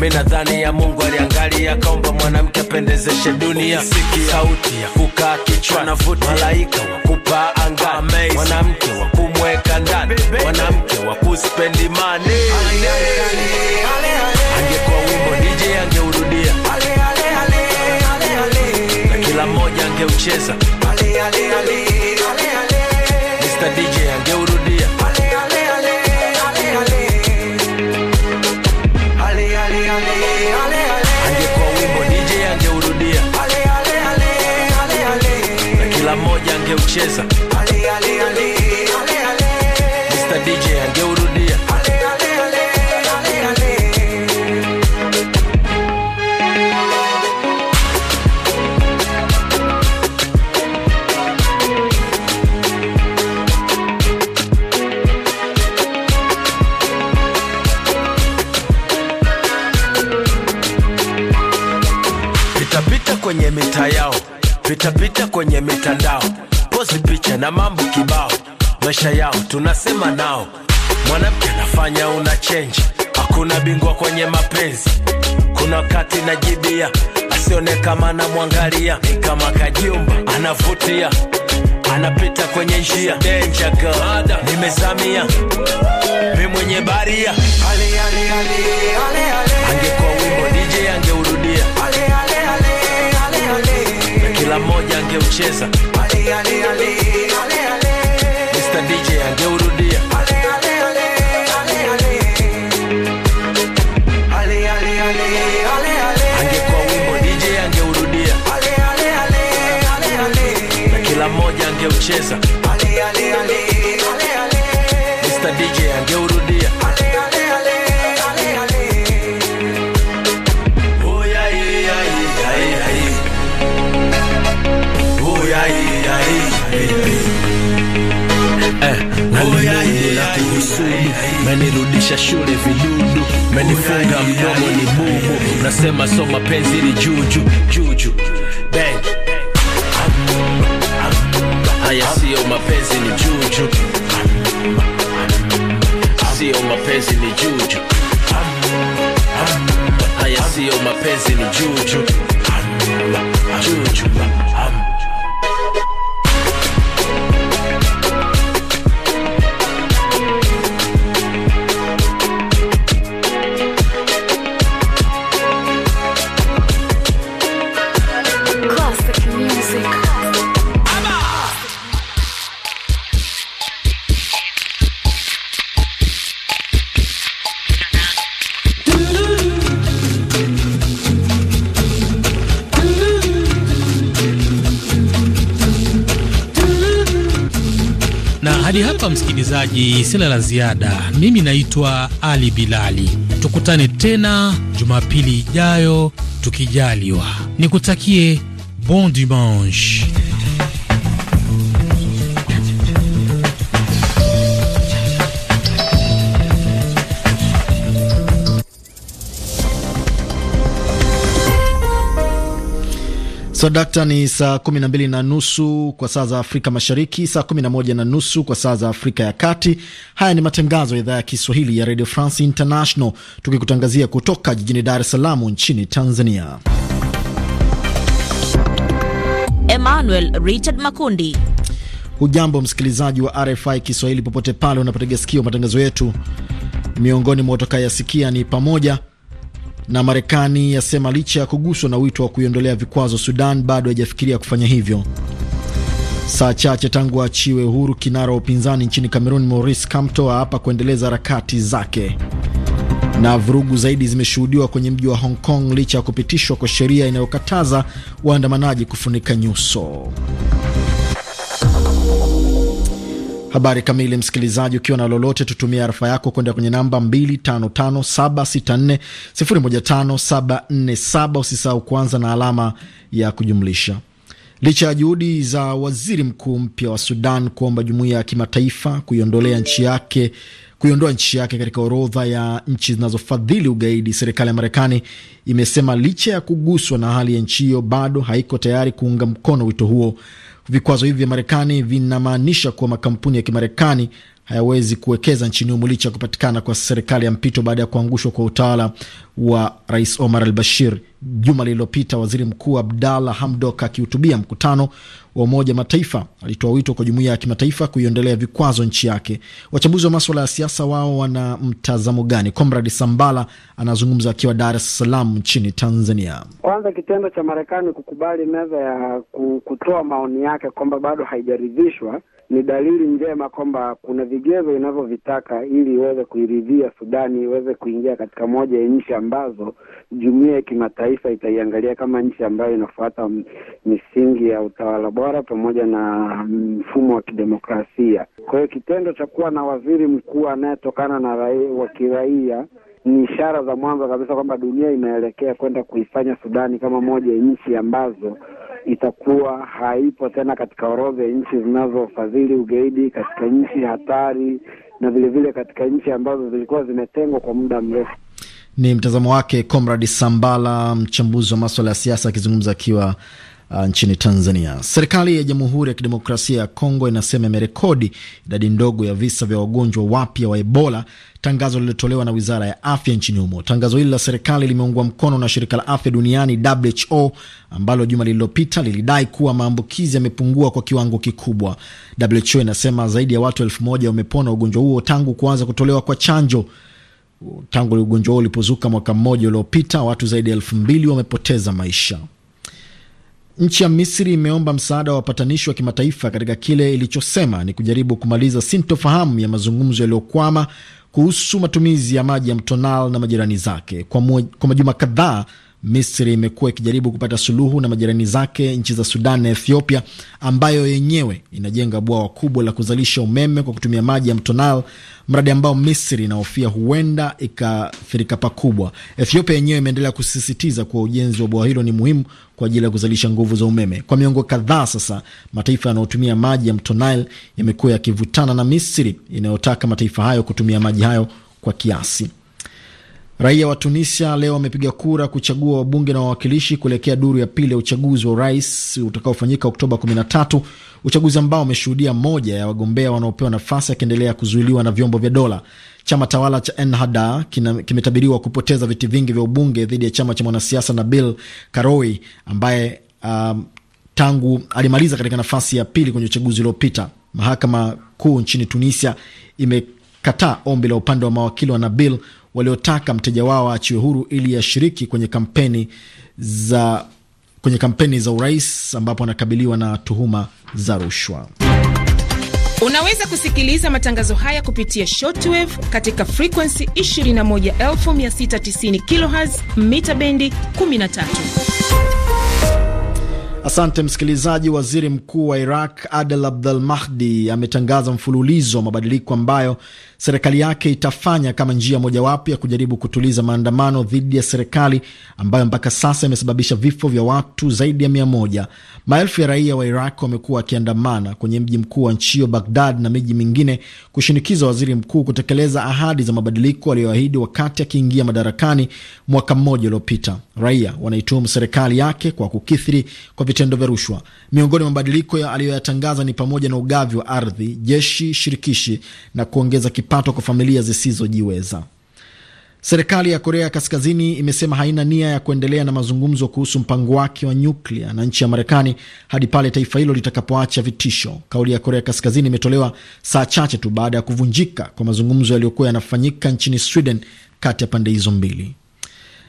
mi nadhani ya mungu aliangalia akaomba mwanamke apendezeshe dunia Sikia. sauti ya kukaa kichwani malaika wa kupaa angani mwanamke wa kumweka ndani mwanamke wa kuspendi mani angekuwa wimbo dj angeurudia na kila mmoja angeucheza ale ale ale ale Mr DJ angeurudia ale ale ale ale ale ale ale ale ale ale angekuwa wimbo DJ angeurudia ale ale ale ale ale na kila mmoja angeucheza mita yao, pitapita kwenye mitandao, pozi picha na mambo kibao, maisha yao tunasema nao. Mwanamke anafanya una change, hakuna bingwa kwenye mapenzi. Kuna wakati najibia, asione kama namwangalia, ni kama kajumba anavutia anapita kwenye njia denja gada nimezamia mi mwenye baria ale, ale, ale, ale, ale. mara moja angeucheza ali, ali, ali. Nimeacha shule vidudu, menifunga mdomo ni bubu, nasema so mapenzi ni juju juju, haya siyo mapenzi ni juju, siyo mapenzi ni juju, haya siyo mapenzi ni juju juju msikilizaji, sina la ziada. Mimi naitwa Ali Bilali. Tukutane tena Jumapili ijayo tukijaliwa. Nikutakie bon dimanche. sadakta so, ni saa 12 na nusu kwa saa za Afrika Mashariki, saa 11 na nusu kwa saa za Afrika ya Kati. Haya ni matangazo ya idhaa ya Kiswahili ya Radio France International, tukikutangazia kutoka jijini Dar es Salaam nchini Tanzania. Emmanuel Richard Makundi. Hujambo msikilizaji wa RFI Kiswahili popote pale unapotega sikio matangazo yetu. Miongoni mwa utakayoyasikia ni pamoja na Marekani yasema licha ya kuguswa na wito wa kuiondolea vikwazo Sudan, bado haijafikiria kufanya hivyo. Saa chache tangu aachiwe uhuru, kinara wa upinzani nchini Kamerun Maurice Kamto aapa kuendeleza harakati zake. Na vurugu zaidi zimeshuhudiwa kwenye mji wa Hong Kong licha ya kupitishwa kwa sheria inayokataza waandamanaji kufunika nyuso. Habari kamili, msikilizaji, ukiwa na lolote, tutumia arafa yako kwenda kwenye namba 255764015747. Usisahau kuanza na alama ya kujumlisha. Licha ya juhudi za waziri mkuu mpya wa Sudan kuomba jumuiya ya kimataifa kuiondolea nchi yake kuiondoa nchi yake katika orodha ya nchi zinazofadhili ugaidi, serikali ya Marekani imesema licha ya kuguswa na hali ya nchi hiyo bado haiko tayari kuunga mkono wito huo. Vikwazo hivi vya Marekani vinamaanisha kuwa makampuni ya Kimarekani hayawezi kuwekeza nchini humo licha ya kupatikana kwa serikali ya mpito baada ya kuangushwa kwa utawala wa Rais Omar al Bashir. Juma lililopita, waziri mkuu Abdalla Hamdok akihutubia mkutano wa Umoja Mataifa alitoa wito kwa jumuiya ya kimataifa kuiondelea vikwazo nchi yake. Wachambuzi wa maswala ya siasa, wao wana mtazamo gani? Comrad Sambala anazungumza akiwa Dar es Salaam nchini Tanzania. Kwanza, kitendo cha Marekani kukubali meza ya kutoa maoni yake kwamba bado haijaridhishwa ni dalili njema kwamba kuna vigezo inavyovitaka ili iweze kuiridhia Sudani iweze kuingia katika moja ya nchi ambazo jumuiya ya kimataifa itaiangalia kama nchi ambayo inafuata misingi ya utawala bora pamoja na mfumo wa kidemokrasia. Kwa hiyo kitendo cha kuwa na waziri mkuu anayetokana na raia wa kiraia ni ishara za mwanzo kabisa kwamba dunia inaelekea kwenda kuifanya Sudani kama moja ya nchi ambazo itakuwa haipo tena katika orodha ya nchi zinazofadhili ugaidi, katika nchi hatari na vilevile vile katika nchi ambazo zilikuwa zimetengwa kwa muda mrefu. Ni mtazamo wake Comrade Sambala, mchambuzi wa maswala ya siasa akizungumza akiwa Uh, nchini Tanzania. Serikali ya Jamhuri ya Kidemokrasia ya Kongo inasema imerekodi idadi ndogo ya visa vya wagonjwa wapya wa Ebola, tangazo lililotolewa na wizara ya afya nchini humo. Tangazo hili la serikali limeungwa mkono na shirika la afya duniani WHO, ambalo juma lililopita lilidai kuwa maambukizi yamepungua kwa kiwango kikubwa. WHO inasema zaidi ya watu elfu moja wamepona ugonjwa huo tangu kuanza kutolewa kwa chanjo tangu ugonjwa huo ulipozuka mwaka mmoja uliopita. Watu zaidi ya elfu mbili wamepoteza maisha. Nchi ya Misri imeomba msaada wa wapatanishi wa kimataifa katika kile ilichosema ni kujaribu kumaliza sintofahamu ya mazungumzo yaliyokwama kuhusu matumizi ya maji ya mto Nile na majirani zake. Kwa, kwa majuma kadhaa Misri imekuwa ikijaribu kupata suluhu na majirani zake nchi za Sudan na Ethiopia, ambayo yenyewe inajenga bwawa kubwa la kuzalisha umeme kwa kutumia maji ya mto Nile, mradi ambao Misri inahofia huenda ikaathirika pakubwa. Ethiopia yenyewe imeendelea kusisitiza kuwa ujenzi wa bwawa hilo ni muhimu kwa ajili ya kuzalisha nguvu za umeme. Kwa miongo kadhaa sasa, mataifa yanayotumia maji ya mto Nile yamekuwa yakivutana na Misri inayotaka mataifa hayo kutumia maji hayo kwa kiasi. Raia wa Tunisia leo wamepiga kura kuchagua wabunge na wawakilishi kuelekea duru ya pili ya uchaguzi wa urais utakaofanyika Oktoba 13, uchaguzi ambao umeshuhudia moja ya wagombea wanaopewa nafasi akiendelea kuzuiliwa na vyombo vya dola. Chama tawala cha Ennahda kimetabiriwa kupoteza viti vingi vya ubunge dhidi ya chama cha mwanasiasa Nabil Karoui ambaye um, tangu alimaliza katika nafasi ya pili kwenye uchaguzi uliopita. Mahakama Kuu nchini Tunisia imekataa ombi la upande wa mawakili wa Nabil waliotaka mteja wao aachiwe huru ili ashiriki kwenye kampeni za kwenye kampeni za urais ambapo anakabiliwa na tuhuma za rushwa. Unaweza kusikiliza matangazo haya kupitia shortwave katika frekuensi 21690 kHz mita bendi 13. Asante msikilizaji. Waziri mkuu wa Iraq Adel Abdul Mahdi ametangaza mfululizo wa mabadiliko ambayo serikali yake itafanya kama njia mojawapo ya kujaribu kutuliza maandamano dhidi ya serikali ambayo mpaka sasa imesababisha vifo vya watu zaidi ya mia moja. Maelfu ya raia wa Iraq wamekuwa wakiandamana kwenye mji mkuu wa nchi hiyo Bagdad na miji mingine kushinikiza waziri mkuu kutekeleza ahadi za mabadiliko aliyoahidi wakati akiingia madarakani mwaka mmoja uliopita. Raia wanaituhumu serikali yake kwa kukithiri kwa vitendo vya rushwa. Miongoni mwa mabadiliko aliyoyatangaza ni pamoja na ugavi wa ardhi, jeshi shirikishi na kuongeza kipato kwa familia zisizojiweza. Serikali ya Korea Kaskazini imesema haina nia ya kuendelea na mazungumzo kuhusu mpango wake wa nyuklia na nchi ya Marekani hadi pale taifa hilo litakapoacha vitisho. Kauli ya Korea Kaskazini imetolewa saa chache tu baada ya kuvunjika kwa mazungumzo yaliyokuwa yanafanyika nchini Sweden kati ya pande hizo mbili.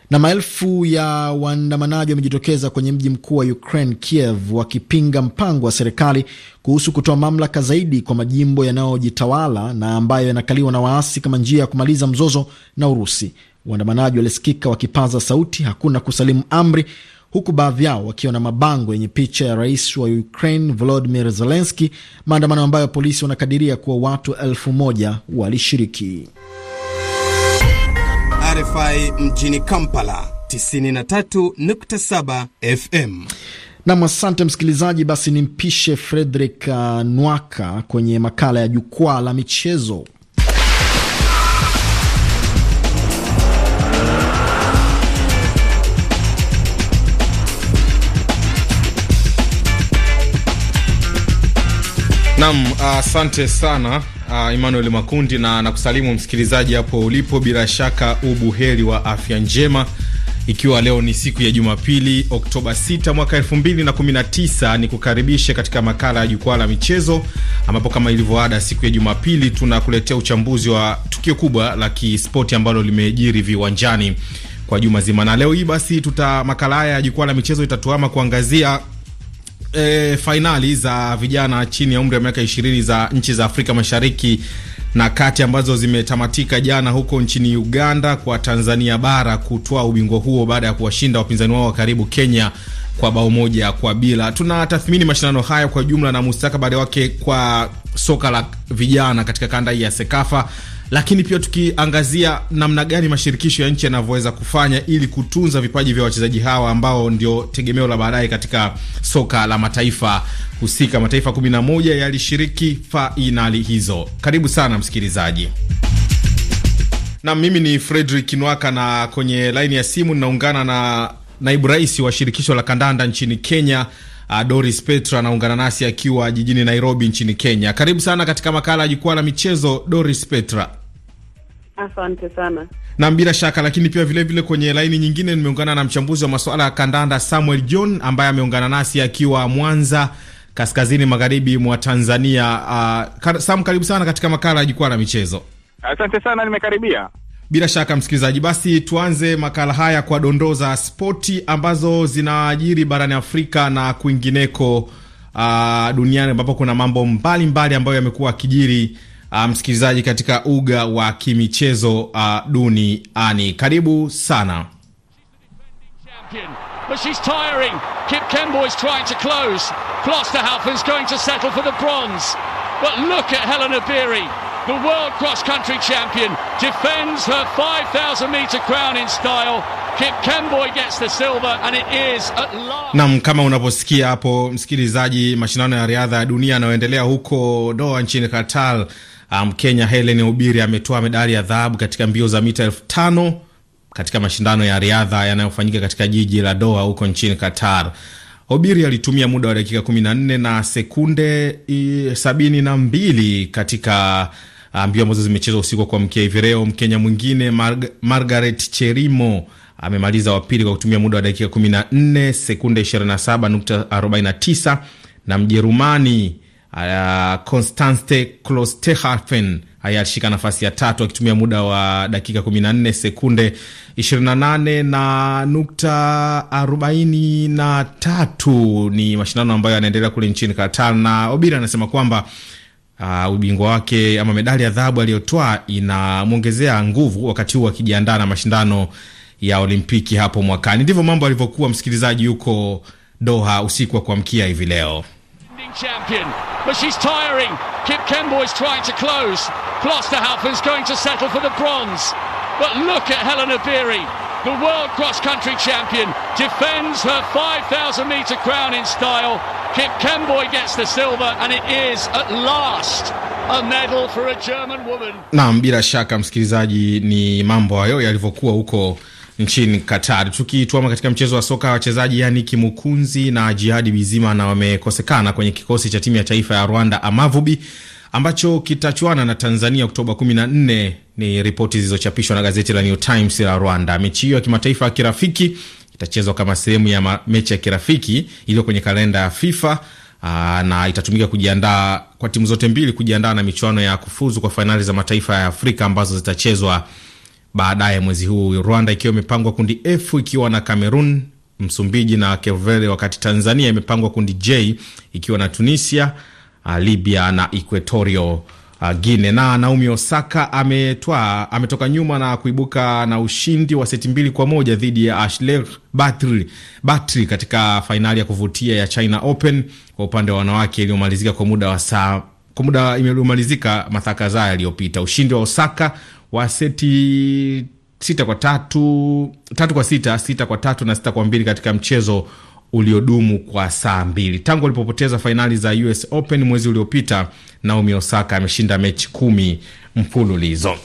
Na maelfu ya waandamanaji wamejitokeza kwenye mji mkuu wa Ukraine, Kiev, wakipinga mpango wa serikali kuhusu kutoa mamlaka zaidi kwa majimbo yanayojitawala na ambayo yanakaliwa na waasi kama njia ya kumaliza mzozo na Urusi. Waandamanaji walisikika wakipaza sauti hakuna kusalimu amri, huku baadhi yao wakiwa na mabango yenye picha ya rais wa Ukraine Volodimir Zelenski, maandamano ambayo polisi wanakadiria kuwa watu elfu moja walishiriki. RFI mjini Kampala 93.7 FM. Nam, asante msikilizaji. Basi ni mpishe Fredrik uh, Nwaka kwenye makala ya jukwaa la michezo. Nam, asante uh, sana uh, Emmanuel Makundi na nakusalimu msikilizaji hapo ulipo, bila shaka ubuheri wa afya njema, ikiwa leo ni siku ya Jumapili Oktoba 6 mwaka 2019, ni kukaribishe katika makala ya jukwaa la michezo, ambapo kama ilivyoada siku ya Jumapili tunakuletea uchambuzi wa tukio kubwa la kispoti ambalo limejiri viwanjani kwa juma zima, na leo hii basi tuta makala haya ya jukwaa la michezo itatuama kuangazia e, eh, fainali za vijana chini ya umri wa miaka ishirini za nchi za Afrika Mashariki na kati ambazo zimetamatika jana huko nchini Uganda kwa Tanzania bara kutoa ubingwa huo baada ya kuwashinda wapinzani wao wa karibu Kenya kwa bao moja kwa bila. Tunatathmini mashindano haya kwa jumla na mustakabali wake kwa soka la vijana katika kanda hii ya Sekafa lakini pia tukiangazia namna gani mashirikisho ya nchi yanavyoweza kufanya ili kutunza vipaji vya wachezaji hawa ambao ndio tegemeo la baadaye katika soka la mataifa husika. Mataifa 11 yalishiriki fainali hizo. Karibu sana msikilizaji. Na mimi ni Fredrick Nwaka na kwenye laini ya simu ninaungana na naibu rais wa shirikisho la kandanda nchini Kenya, uh, Doris Petro anaungana nasi akiwa jijini Nairobi nchini Kenya. Karibu sana katika makala ya jukwaa la michezo, Doris Petra. Asante sana nam, bila shaka. Lakini pia vilevile vile kwenye laini nyingine nimeungana na mchambuzi wa masuala ya kandanda Samuel John ambaye ameungana nasi akiwa Mwanza, kaskazini magharibi mwa Tanzania. Uh, Sam, karibu sana katika makala ya jukwaa la michezo. Asante sana, nimekaribia. Bila shaka msikilizaji, basi tuanze makala haya kwa dondoo za spoti ambazo zinaajiri barani Afrika na kwingineko uh, duniani ambapo kuna mambo mbalimbali mbali ambayo yamekuwa akijiri Ah, msikilizaji katika uga wa kimichezo uh, ah, ani Karibu sana. Naam, kama unavyosikia hapo msikilizaji, mashindano ya riadha ya dunia anayoendelea huko Doha nchini katal Mkenya um, Helen Obiri ametoa medali ya dhahabu katika mbio za mita elfu tano katika mashindano ya riadha yanayofanyika katika jiji la Doha huko nchini Qatar. Obiri alitumia muda wa dakika 14 na sekunde sabini na mbili katika uh, mbio ambazo zimechezwa usiku wa kuamkia hivi leo. Mkenya mwingine Marg Margaret Cherimo amemaliza wa pili kwa kutumia muda wa dakika 14 sekunde 27.49 na Mjerumani Constante Klostehafen alishika nafasi ya tatu akitumia muda wa dakika 14 sekunde 28 na nukta 43. Ni mashindano ambayo yanaendelea kule nchini Qatar, na Obira anasema kwamba uh, ubingwa wake ama medali ya dhahabu aliyotoa inamwongezea nguvu wakati huu akijiandaa na mashindano ya Olimpiki hapo mwakani. Ndivyo mambo alivyokuwa, msikilizaji, yuko Doha usiku wa kuamkia hivi leo. defending champion, but she's tiring. Kip Kenboy's trying to close. Klosterhalfen's going to settle for the bronze. But look at Helena Beery, the world cross-country champion, defends her 5,000-metre crown in style. Kip Kenboy gets the silver, and it is at last A medal for a German woman. Naam, bila shaka msikilizaji, ni mambo hayo yalivyokuwa huko nchini Qatar. Tukituama katika mchezo wa soka wachezaji yani Kimukunzi na Jihadi Bizima na wamekosekana kwenye kikosi cha timu ya taifa ya Rwanda Amavubi ambacho kitachuana na Tanzania Oktoba 14. Ni ripoti zilizochapishwa na gazeti la New Times la Rwanda. Mechi hiyo ya kimataifa ya kirafiki itachezwa kama sehemu ya mechi ya kirafiki iliyo kwenye kalenda ya FIFA aa, na itatumika kujiandaa kwa timu zote mbili kujiandaa na michuano ya kufuzu kwa fainali za mataifa ya Afrika ambazo zitachezwa baadaye mwezi huu, Rwanda ikiwa imepangwa kundi F ikiwa na Cameroon, Msumbiji na Kevele, wakati Tanzania imepangwa kundi J ikiwa na Tunisia, ah, Libya na Equatorio ah, Guine. Na Naomi Osaka ametwa, ametoka nyuma na kuibuka na ushindi wa seti mbili kwa moja dhidi ya Ashleigh batri Batri katika fainali ya kuvutia ya China Open kwa upande wa wanawake iliyomalizika kwa muda wa saa kwa muda iliyomalizika mathaka zaya yaliyopita. Ushindi wa Osaka wa seti sita kwa tatu, tatu kwa sita, sita kwa tatu na sita kwa mbili katika mchezo uliodumu kwa saa mbili tangu alipopoteza fainali za US Open mwezi uliopita. Naomi Osaka ameshinda mechi kumi mfululizo.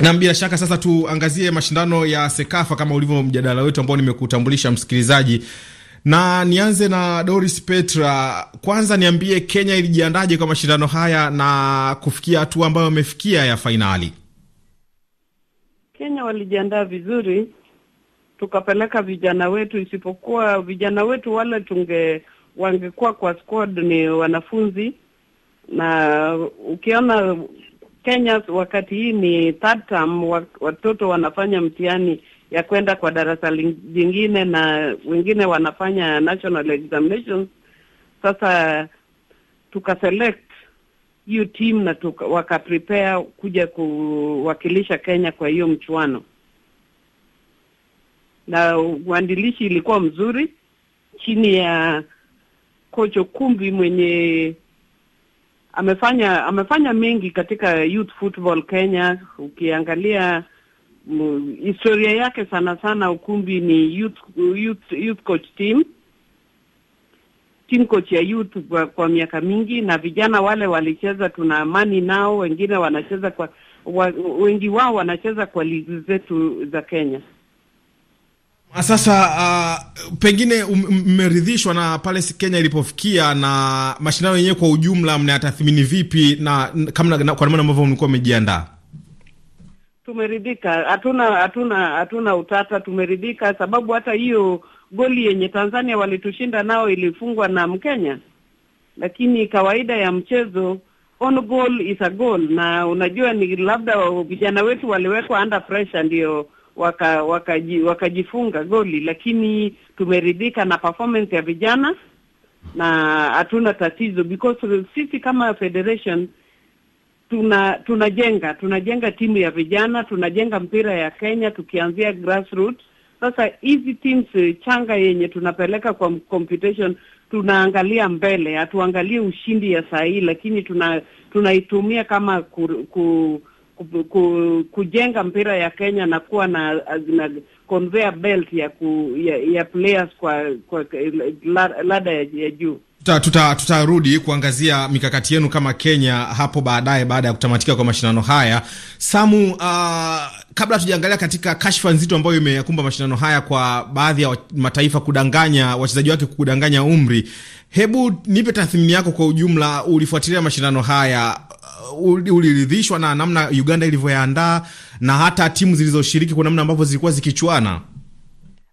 Nam, bila shaka sasa tuangazie mashindano ya SEKAFA kama ulivyo mjadala wetu ambao nimekutambulisha msikilizaji, na nianze na Doris Petra. Kwanza niambie, Kenya ilijiandaje kwa mashindano haya na kufikia hatua ambayo amefikia ya fainali? Kenya walijiandaa vizuri, tukapeleka vijana wetu, isipokuwa vijana wetu wale tunge wangekuwa kwa squad ni wanafunzi, na ukiona Kenya wakati hii ni third term, watoto wanafanya mtihani ya kwenda kwa darasa lingine na wengine wanafanya national examinations. Sasa tukaselect hiyo timu na wakaprepare kuja kuwakilisha Kenya kwa hiyo mchuano, na uandilishi ilikuwa mzuri chini ya coach Kumbi mwenye amefanya amefanya mengi katika youth football Kenya. Ukiangalia mm, historia yake sana sana, Ukumbi ni youth, youth, youth coach team team coach ya youth kwa, kwa miaka mingi, na vijana wale walicheza, tuna amani nao, wengine wanacheza kwa wa, wengi wao wanacheza kwa ligi zetu za Kenya. Ah, sasa uh, pengine um, um, mmeridhishwa na pale Kenya ilipofikia na mashindano yenyewe kwa ujumla, mnayatathmini vipi na kama kwa namna ambavyo mlikuwa mmejiandaa? Tumeridhika, hatuna hatuna hatuna utata, tumeridhika sababu hata hiyo goli yenye Tanzania walitushinda nao ilifungwa na Mkenya, lakini kawaida ya mchezo on goal is a goal, na unajua ni labda vijana wetu waliwekwa under pressure ndio waka, wakaji, wakajifunga goli, lakini tumeridhika na performance ya vijana na hatuna tatizo because sisi kama federation tuna tunajenga tunajenga timu ya vijana, tunajenga mpira ya Kenya tukianzia grassroots sasa hizi teams eh, changa yenye tunapeleka kwa competition, tunaangalia mbele, hatuangalie ushindi ya saa hii, lakini tuna tunaitumia kama ku, ku, ku, ku, kujenga mpira ya Kenya na kuwa na, na conveyor belt ya, ku, ya, ya players kwa, kwa ladder ya, ya juu tutarudi tuta, tuta kuangazia mikakati yenu kama Kenya hapo baadaye baada ya kutamatika kwa mashindano haya. Samu, uh, kabla tujaangalia katika kashfa nzito ambayo imeyakumba mashindano haya kwa baadhi ya mataifa kudanganya wachezaji wake kudanganya umri, hebu nipe tathmini yako kwa ujumla. Ulifuatilia mashindano haya, uh, uliridhishwa na namna Uganda ilivyoyaandaa na hata timu zilizoshiriki kwa namna ambavyo zilikuwa zikichuana?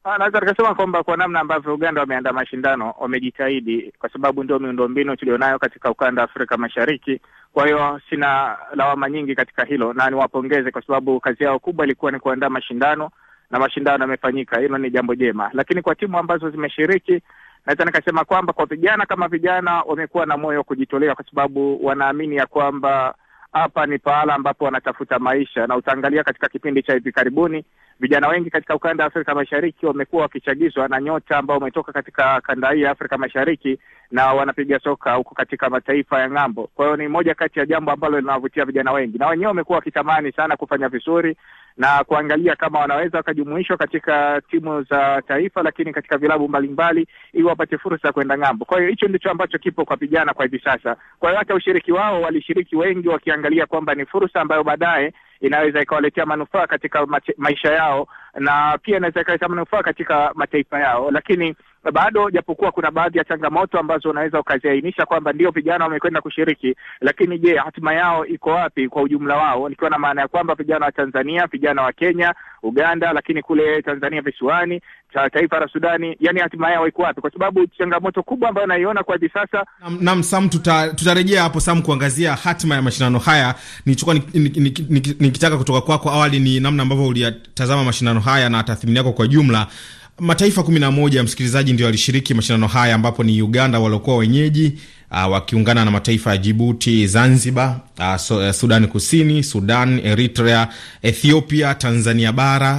Ah, naweza nikasema kwamba kwa namna ambavyo Uganda wameandaa mashindano wamejitahidi, kwa sababu ndio miundombinu tulionayo katika ukanda wa Afrika Mashariki. Kwa hiyo sina lawama nyingi katika hilo, na niwapongeze kwa sababu kazi yao kubwa ilikuwa ni kuandaa mashindano na mashindano yamefanyika, hilo ni jambo jema. Lakini kwa timu ambazo zimeshiriki, naweza nikasema kwamba kwa vijana kama vijana wamekuwa na moyo wa kujitolea, kwa sababu wanaamini ya kwamba hapa ni pahala ambapo wanatafuta maisha, na utaangalia katika kipindi cha hivi karibuni, vijana wengi katika ukanda wa Afrika Mashariki wamekuwa wakichagizwa na nyota ambao wametoka katika kanda hii ya Afrika Mashariki na wanapiga soka huko katika mataifa ya ng'ambo. Kwa hiyo ni moja kati ya jambo ambalo linawavutia vijana wengi, na wenyewe wamekuwa wakitamani sana kufanya vizuri na kuangalia kama wanaweza wakajumuishwa katika timu za taifa, lakini katika vilabu mbalimbali, ili wapate fursa ya kwenda ng'ambo. Kwa hiyo hicho ndicho ambacho kipo kwa vijana kwa hivi sasa. Kwa hiyo hata ushiriki wao, walishiriki wengi wakiangalia kwamba ni fursa ambayo baadaye inaweza ikawaletea manufaa katika maisha yao, na pia inaweza ikaleta manufaa katika mataifa yao, lakini Eh, bado, japokuwa kuna baadhi ya changamoto ambazo unaweza ukaziainisha kwamba ndio vijana wamekwenda kushiriki, lakini je, hatima yao iko wapi kwa ujumla wao, nikiwa na maana ya kwamba vijana wa Tanzania, vijana wa Kenya, Uganda, lakini kule Tanzania visiwani taifa la Sudani, yani hatima yao iko wapi? Kwa sababu changamoto kubwa ambayo naiona kwa hivi sasa. Naam, Sam, tutarejea hapo Sam, kuangazia hatima ya mashindano haya. nichukua nikitaka kutoka kwako awali ni namna ambavyo uliyatazama mashindano haya na tathmini yako kwa jumla. Mataifa 11 msikilizaji, ndio alishiriki mashindano haya ambapo ni Uganda waliokuwa wenyeji uh, wakiungana na mataifa ya Jibuti, Zanzibar, uh, so, uh, Sudan Kusini, Sudan, Eritrea, Ethiopia, Tanzania Bara,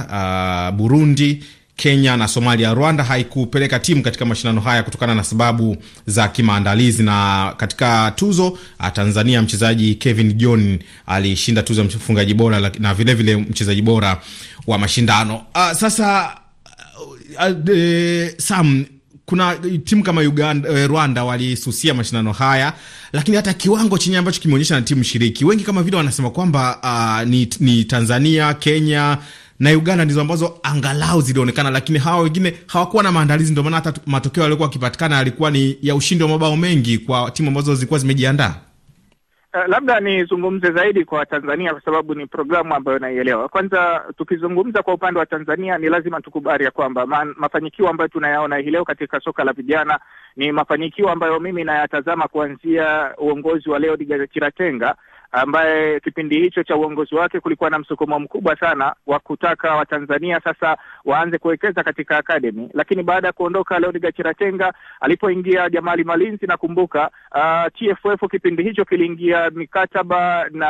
uh, Burundi, Kenya na Somalia. Rwanda haikupeleka timu katika mashindano haya kutokana na sababu za kimaandalizi. Na katika tuzo, Tanzania mchezaji Kevin John alishinda tuzo ya mfungaji bora na vilevile mchezaji bora wa mashindano. Uh, sasa uh, Sam, kuna timu kama Uganda, uh, Rwanda walisusia mashindano haya, lakini hata kiwango chenye ambacho kimeonyesha na timu shiriki wengi kama vile wanasema kwamba uh, ni, ni Tanzania, Kenya na Uganda ndizo ambazo angalau zilionekana, lakini hawa wengine hawakuwa na maandalizi. Ndio maana hata matokeo yaliokuwa akipatikana yalikuwa ni ya ushindi wa mabao mengi kwa timu ambazo zilikuwa zimejiandaa. Uh, labda nizungumze zaidi kwa Tanzania kwa sababu ni programu ambayo naielewa. Kwanza tukizungumza kwa upande wa Tanzania ni lazima tukubali ya kwamba mafanikio ambayo tunayaona hii leo katika soka la vijana ni mafanikio ambayo mimi nayatazama kuanzia uongozi wa Leodegar Chiratenga ambaye kipindi hicho cha uongozi wake kulikuwa na msukumo mkubwa sana wa kutaka Watanzania sasa waanze kuwekeza katika akademi. Lakini baada ya kuondoka Leodegar Chiratenga, alipoingia Jamali Malinzi, nakumbuka uh, ah, TFF kipindi hicho kiliingia mikataba na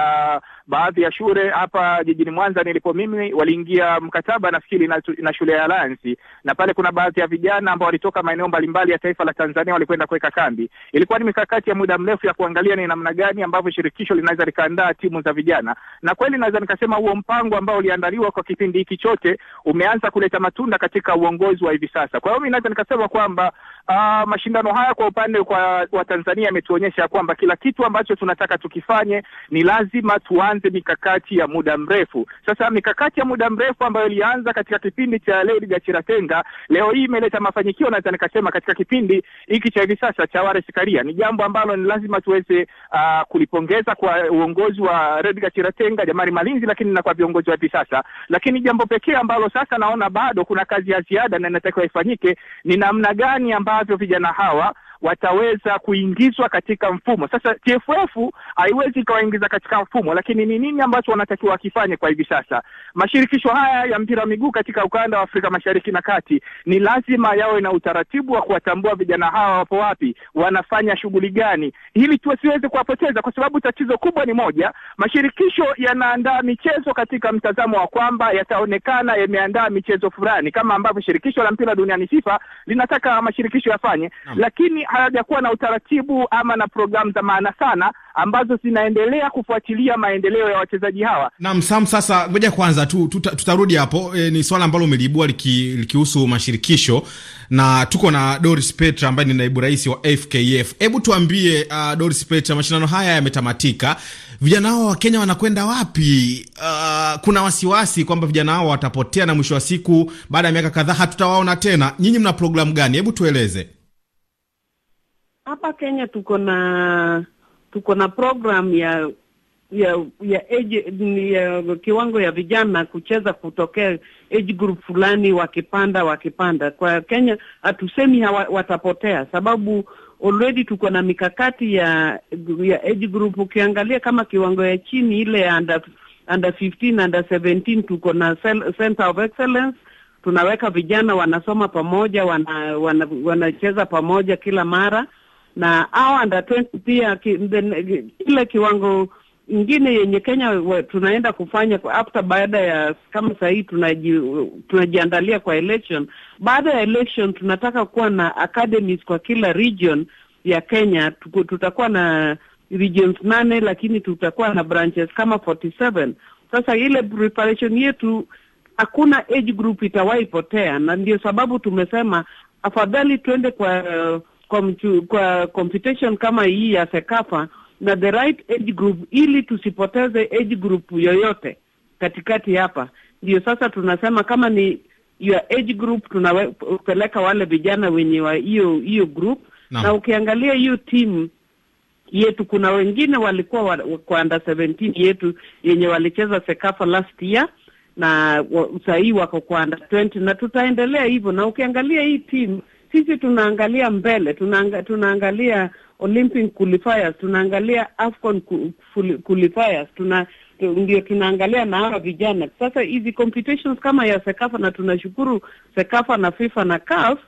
baadhi ya shule hapa jijini Mwanza nilipo mimi, waliingia mkataba nafikiri na, na shule ya Alliance, na pale kuna baadhi ya vijana ambao walitoka maeneo mbalimbali ya taifa la Tanzania walikwenda kuweka kambi. Ilikuwa ni mikakati ya muda mrefu ya kuangalia ni namna gani ambavyo shirikisho linaweza zikandaa timu za vijana, na kweli naweza nikasema huo mpango ambao uliandaliwa kwa kipindi hiki chote umeanza kuleta matunda katika uongozi wa hivi sasa. Kwa hiyo mi naweza nikasema kwamba Uh, mashindano haya kwa upande kwa wa Tanzania yametuonyesha kwamba kila kitu ambacho tunataka tukifanye ni lazima tuanze mikakati ya muda mrefu. Sasa mikakati ya muda mrefu ambayo ilianza katika kipindi cha Lady Gachira Tenga leo hii imeleta mafanikio, naweza nikasema katika kipindi hiki cha hivi sasa cha Wallace Karia, ni jambo ambalo ni lazima tuweze uh, kulipongeza kwa uongozi wa Lady Gachira Tenga, Jamari Malinzi, lakini na kwa viongozi wa hivi sasa. Lakini jambo pekee ambalo sasa naona bado kuna kazi ya ziada na inatakiwa ifanyike ni namna gani ambayo ambavyo vijana hawa wataweza kuingizwa katika mfumo. Sasa TFF haiwezi ikawaingiza katika mfumo, lakini ni nini ambacho wanatakiwa wakifanye kwa hivi sasa? Mashirikisho haya ya mpira wa miguu katika ukanda wa Afrika Mashariki na Kati ni lazima yawe na utaratibu wa kuwatambua vijana hawa wapo wapi, wanafanya shughuli gani, ili tusiweze kuwapoteza, kwa sababu tatizo kubwa ni moja. Mashirikisho yanaandaa michezo katika mtazamo wa kwamba yataonekana yameandaa michezo fulani, kama ambavyo shirikisho la mpira duniani FIFA linataka mashirikisho yafanye, lakini hayajakuwa na utaratibu ama na programu za maana sana ambazo zinaendelea kufuatilia maendeleo ya wachezaji hawa. Naam, Sam, sasa ngoja kwanza tu, tuta, tutarudi hapo e, ni swala ambalo umeliibua likihusu liki mashirikisho na tuko na Doris Petra ambaye ni naibu rais wa FKF. Hebu tuambie uh, Doris Petra, mashindano haya yametamatika, vijana hao wa Kenya wanakwenda wapi? Uh, kuna wasiwasi kwamba vijana hao watapotea na mwisho wa siku, baada ya miaka kadhaa hatutawaona tena. Nyinyi mna programu gani? Hebu tueleze. Hapa Kenya tuko na tuko na program ya ya ya, age, ya kiwango ya vijana kucheza kutokea age group fulani, wakipanda wakipanda. Kwa Kenya hatusemi hawa watapotea, sababu already tuko na mikakati ya ya age group. Ukiangalia kama kiwango ya chini ile under under 15 under 17, tuko na center of excellence tunaweka vijana wanasoma pamoja, wana, wana, wanacheza pamoja kila mara na au under 20 pia ki, kile kiwango ingine yenye Kenya we, tunaenda kufanya after baada ya kama sahii tunaji, tunajiandalia kwa election. Baada ya election tunataka kuwa na academies kwa kila region ya Kenya. Tutakuwa na regions nane, lakini tutakuwa na branches kama 47. Sasa ile preparation yetu hakuna age group itawahi potea, na ndio sababu tumesema afadhali tuende kwa uh, komchu, kwa computation kama hii ya Sekafa na the right age group, ili tusipoteze age group yoyote katikati hapa. Ndio sasa tunasema kama ni your age group, tunapeleka wale vijana wenye wa hiyo hiyo group no. Na ukiangalia hiyo timu yetu kuna wengine walikuwa wa, kwa under 17 yetu yenye walicheza Sekafa last year na sahii wako kwa under 20 na tutaendelea hivyo, na ukiangalia hii timu sisi tunaangalia mbele, tunaanga, tunaangalia Olympic qualifiers, tunaangalia Afcon qualifiers, tuna ndio tunaangalia na hawa vijana sasa. Hizi competitions kama ya Sekafa, na tunashukuru Sekafa na FIFA na CAF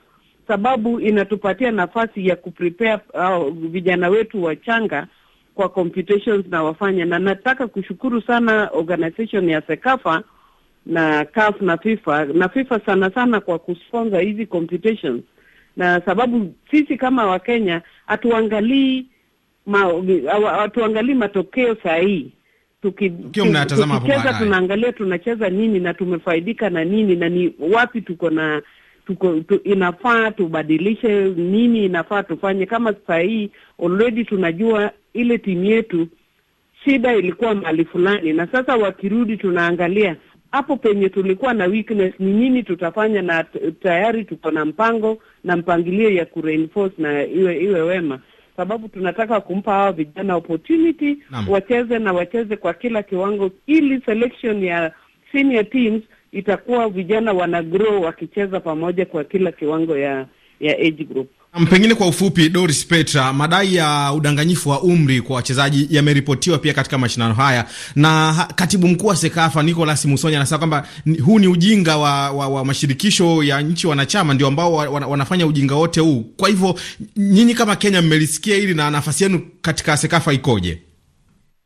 sababu inatupatia nafasi ya kuprepare uh, vijana wetu wachanga kwa competitions na wafanya, na nataka kushukuru sana organization ya Sekafa na CAF na FIFA na FIFA sana sana kwa kusponsor hizi competitions na sababu sisi kama Wakenya hatuangalii ma, hatuangalii matokeo sahihi tukicheza tunaangalia tunacheza nini na tumefaidika na nini na ni wapi tuko na tuko tu, inafaa tubadilishe nini, inafaa tufanye. Kama sahii already tunajua ile timu yetu shida ilikuwa mali fulani, na sasa wakirudi tunaangalia hapo penye tulikuwa na weakness ni nini tutafanya, na tayari tuko na mpango na mpangilio ya kureinforce na iwe iwe wema, sababu tunataka kumpa hawa vijana opportunity Naam. wacheze na wacheze kwa kila kiwango, ili selection ya senior teams itakuwa vijana wana grow wakicheza pamoja kwa kila kiwango ya ya age group. Pengine kwa ufupi, Doris Petra, madai ya udanganyifu wa umri kwa wachezaji yameripotiwa pia katika mashindano haya, na katibu mkuu wa SEKAFA Nicolas Musonya anasema kwamba huu ni ujinga wa, wa, wa mashirikisho ya nchi wanachama ndio ambao wa, wa, wanafanya ujinga wote huu. Kwa hivyo nyinyi kama Kenya mmelisikia hili na nafasi yenu katika SEKAFA ikoje?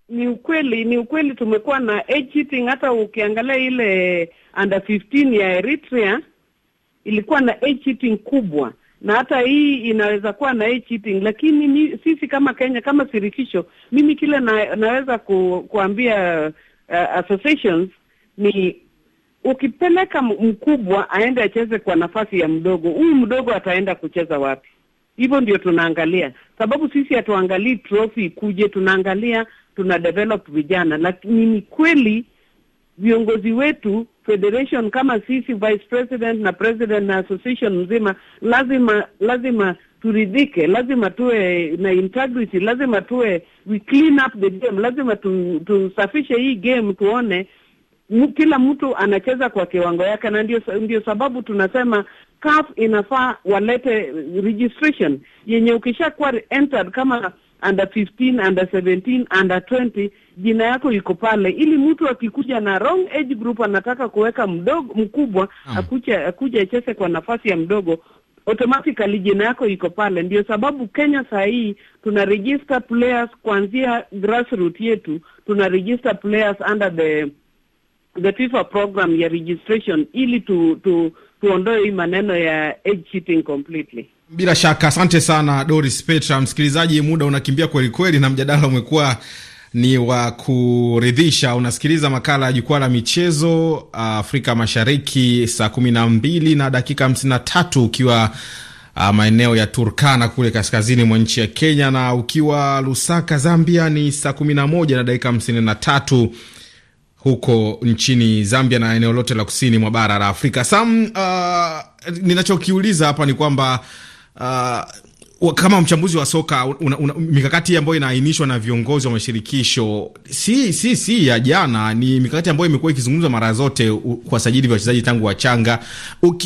Ni ukweli, ni ukweli, tumekuwa na age cheating. Hata ukiangalia ile under 15 ya Eritrea ilikuwa na age cheating kubwa na hata hii inaweza kuwa na hii cheating, lakini mi, sisi kama Kenya kama shirikisho, mimi kile na, naweza ku, kuambia uh, associations ni ukipeleka mkubwa aende acheze kwa nafasi ya mdogo, huyu mdogo ataenda kucheza wapi? Hivyo ndio tunaangalia, sababu sisi hatuangalii trophy kuje, tunaangalia tuna develop vijana. Lakini ni kweli viongozi wetu federation kama sisi vice president na president na association mzima, lazima lazima turidhike, lazima tuwe na integrity, lazima tuwe we clean up the game, lazima tu, tusafishe hii game, tuone kila mtu anacheza kwa kiwango yake, na ndio ndio sababu tunasema CAF inafaa walete registration yenye ukishakuwa entered kama under 15, under 17, under 20, jina yako iko pale, ili mtu akikuja na wrong age group anataka kuweka mdogo mkubwa mm. akuja akuja acheze kwa nafasi ya mdogo automatically jina yako iko pale. Ndio sababu Kenya saa hii tuna register players kuanzia grassroots yetu, tuna register players under the the FIFA program ya registration, ili tu, tu tuondoe hii maneno ya age cheating completely. Bila shaka asante sana Doris Petra. Msikilizaji, muda unakimbia kweli kweli, na mjadala umekuwa ni wa kuridhisha. Unasikiliza makala ya jukwaa la michezo uh, Afrika Mashariki, saa kumi na mbili na dakika hamsini na tatu ukiwa uh, maeneo ya Turkana kule kaskazini mwa nchi ya Kenya, na ukiwa Lusaka, Zambia ni saa kumi na moja na dakika hamsini na tatu huko nchini Zambia na eneo lote la kusini mwa bara la Afrika. Sam, uh, ninachokiuliza hapa ni kwamba uh, kama mchambuzi wa soka una, una, mikakati ambayo inaainishwa na viongozi wa mashirikisho si, si, si ya jana, ni mikakati ambayo imekuwa ikizungumzwa mara zote kwa sajili vya wachezaji tangu wachanga.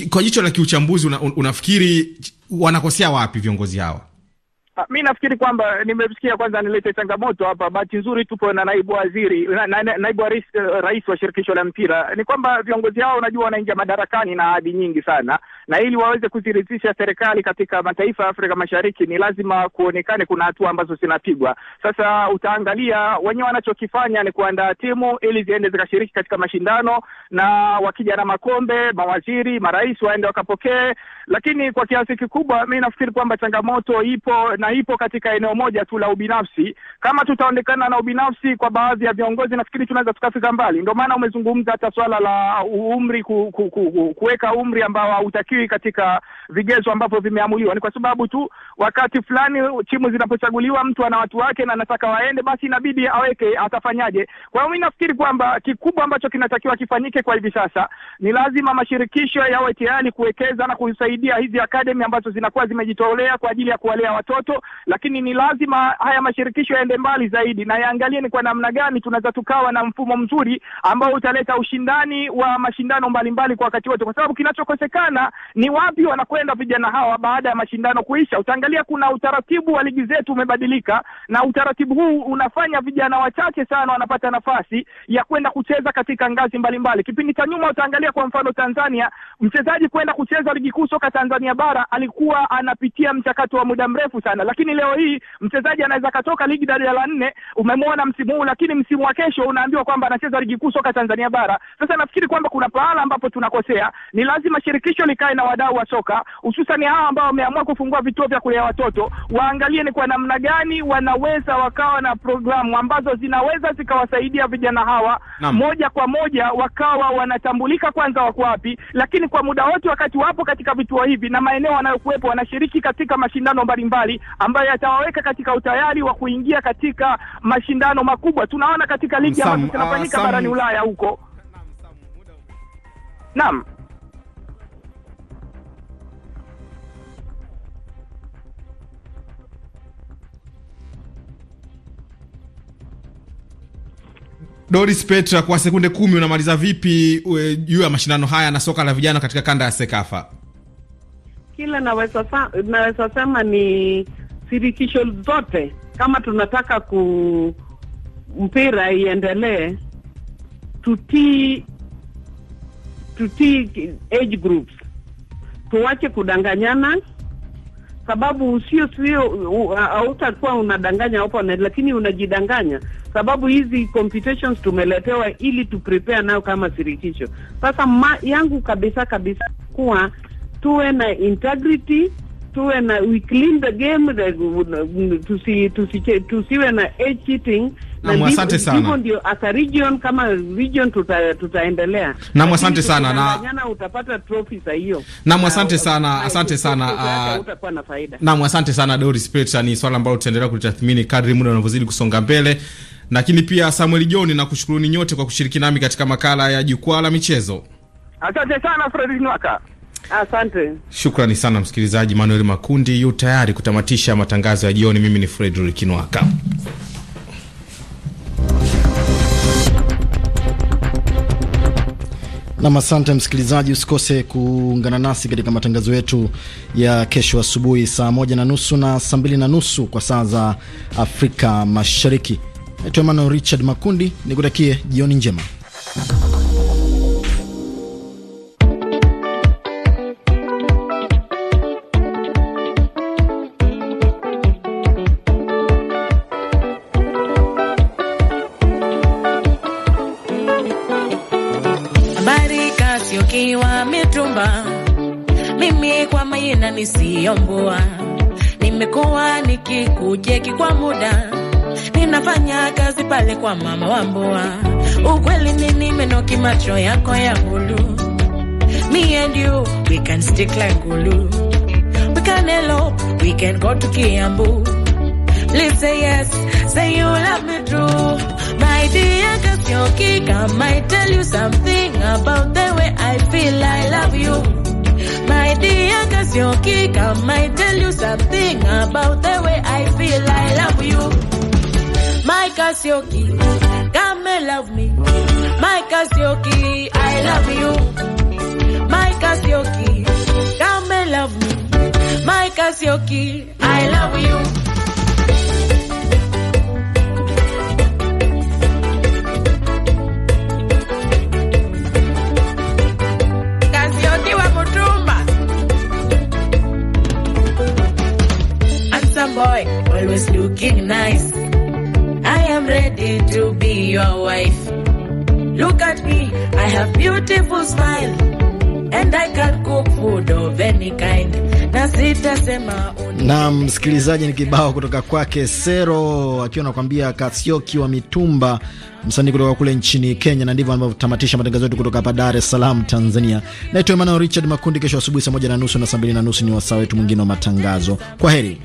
Kwa jicho la kiuchambuzi una, unafikiri wanakosea wapi viongozi hawa? Ah, mi nafikiri kwamba nimesikia, kwanza nilete changamoto hapa. Bahati nzuri tupo na naibu waziri na, na, na, naibu rais, uh, rais wa shirikisho la mpira. Ni kwamba viongozi hao unajua wanaingia madarakani na ahadi nyingi sana, na ili waweze kuziridhisha serikali katika mataifa ya Afrika Mashariki ni lazima kuonekane kuna hatua ambazo zinapigwa. Sasa utaangalia wenyewe wanachokifanya ni kuandaa timu ili ziende zikashiriki katika mashindano, na wakija na makombe, mawaziri, marais waende wakapokee. Lakini kwa kiasi kikubwa mi nafikiri kwamba changamoto ipo na ipo katika eneo moja tu la ubinafsi. Kama tutaonekana na ubinafsi kwa baadhi ya viongozi, nafikiri tunaweza tukafika mbali. Ndio maana umezungumza hata swala la umri ku, ku, ku, ku, kuweka umri ambao hautaki hazifikiwi katika vigezo ambavyo vimeamuliwa. Ni kwa sababu tu wakati fulani timu zinapochaguliwa, mtu ana watu wake na anataka waende, basi inabidi aweke atafanyaje. Kwa hiyo mimi nafikiri kwamba kikubwa ambacho kinatakiwa kifanyike kwa hivi sasa ni lazima mashirikisho yawe tayari kuwekeza na kusaidia hizi academy ambazo zinakuwa zimejitolea kwa ajili ya kuwalea watoto, lakini ni lazima haya mashirikisho yaende mbali zaidi na yaangalie ni kwa namna gani tunaweza tukawa na mfumo mzuri ambao utaleta ushindani wa mashindano mbalimbali mbali kwa wakati wote, kwa sababu kinachokosekana ni wapi wanakwenda vijana hawa baada ya mashindano kuisha? Utaangalia kuna utaratibu wa ligi zetu umebadilika, na utaratibu huu unafanya vijana wachache sana wanapata nafasi ya kwenda kucheza katika ngazi mbalimbali. Kipindi cha nyuma utaangalia kwa mfano Tanzania, mchezaji kwenda kucheza ligi kuu soka Tanzania bara alikuwa anapitia mchakato wa muda mrefu sana, lakini leo hii mchezaji anaweza katoka ligi daraja la nne, umemwona msimu huu, lakini msimu wa kesho unaambiwa kwamba anacheza ligi kuu soka Tanzania bara. Sasa nafikiri kwamba kuna pahala ambapo tunakosea, ni lazima shirikisho likae wakae na wadau wa soka, hususani hawa ambao wameamua kufungua vituo vya kulea watoto, waangalie ni kwa namna gani wanaweza wakawa na programu ambazo zinaweza zikawasaidia vijana hawa Naam. moja kwa moja wakawa wanatambulika kwanza wako wapi, lakini kwa muda wote wakati wapo katika vituo hivi na maeneo wanayokuwepo, wanashiriki katika mashindano mbalimbali ambayo yatawaweka katika utayari wa kuingia katika mashindano makubwa. Tunaona katika ligi ambazo zinafanyika ah, barani Ulaya huko. Naam. Doris Petra, kwa sekunde kumi unamaliza vipi juu ya mashindano haya na soka la vijana katika kanda ya Sekafa? Kile naweza naweza sema ni shirikisho zote, kama tunataka ku mpira iendelee, tutii tutii age groups, tuwache kudanganyana, sababu sio sio, hautakuwa unadanganya hapo, lakini unajidanganya sababu hizi computations tumeletewa ili tuprepare nayo kama shirikisho. Sasa ma, yangu kabisa kabisa kuwa tuwe na integrity, tuwe na we clean the game, tusi, tusi, tusiwe na cheating na asante sana. ndio as a region, kama region tuta, tutaendelea. Na asante sana na nyana utapata trophy za hiyo. Na asante sana, asante sana. Ah, Utakuwa na faida. Na asante sana Doris Petra, ni swala ambalo tutaendelea kulitathmini kadri muda unavyozidi kusonga mbele. Lakini pia Samuel John, na kushukuruni nyote kwa kushiriki nami katika makala ya jukwaa la michezo. Asante sana Fredrick Nwaka. Asante. Shukrani sana msikilizaji. Manuel Makundi yu tayari kutamatisha matangazo ya jioni. Mimi ni Fredrick Nwaka. Nam, asante msikilizaji, usikose kuungana nasi katika matangazo yetu ya kesho asubuhi saa moja na nusu na saa mbili na nusu kwa saa za Afrika Mashariki. Naitwa Emmanuel Richard Makundi, nikutakie jioni njema. muziki wa mitumba, mimi kwa maina nisiombua, nimekuwa nikikujeki kwa muda, ninafanya kazi pale kwa mama wa wamboa. Ukweli ni nimenoki macho yako ya hulu, me and you we can stick like glue, we can hello we can go to Kiambu, please say yes, say you love me true My dear, cause your kick, I might tell you something about the way I feel I love you. My dear, cause your kick, I might tell you something about the way I feel I love you. My Kasioki, come and love me. My Kasioki, I love you. My Kasioki, come and love me. My Kasioki, I love you. boy, always looking nice. I am ready to be your wife. Look at me, I have beautiful smile, and I can cook food of any kind. na msikilizaji, ni kibao kutoka kwake Sero akiwa anakuambia Kasioki wa Mitumba, msanii kutoka kule nchini Kenya. Na ndivyo anavyotamatisha matangazo yetu kutoka hapa Dar es Salaam, Tanzania. Naitwa Emmanuel Richard Makundi. Kesho asubuhi saa moja na nusu na saa mbili na nusu ni wasaa wetu mwingine wa matangazo. Kwa heri.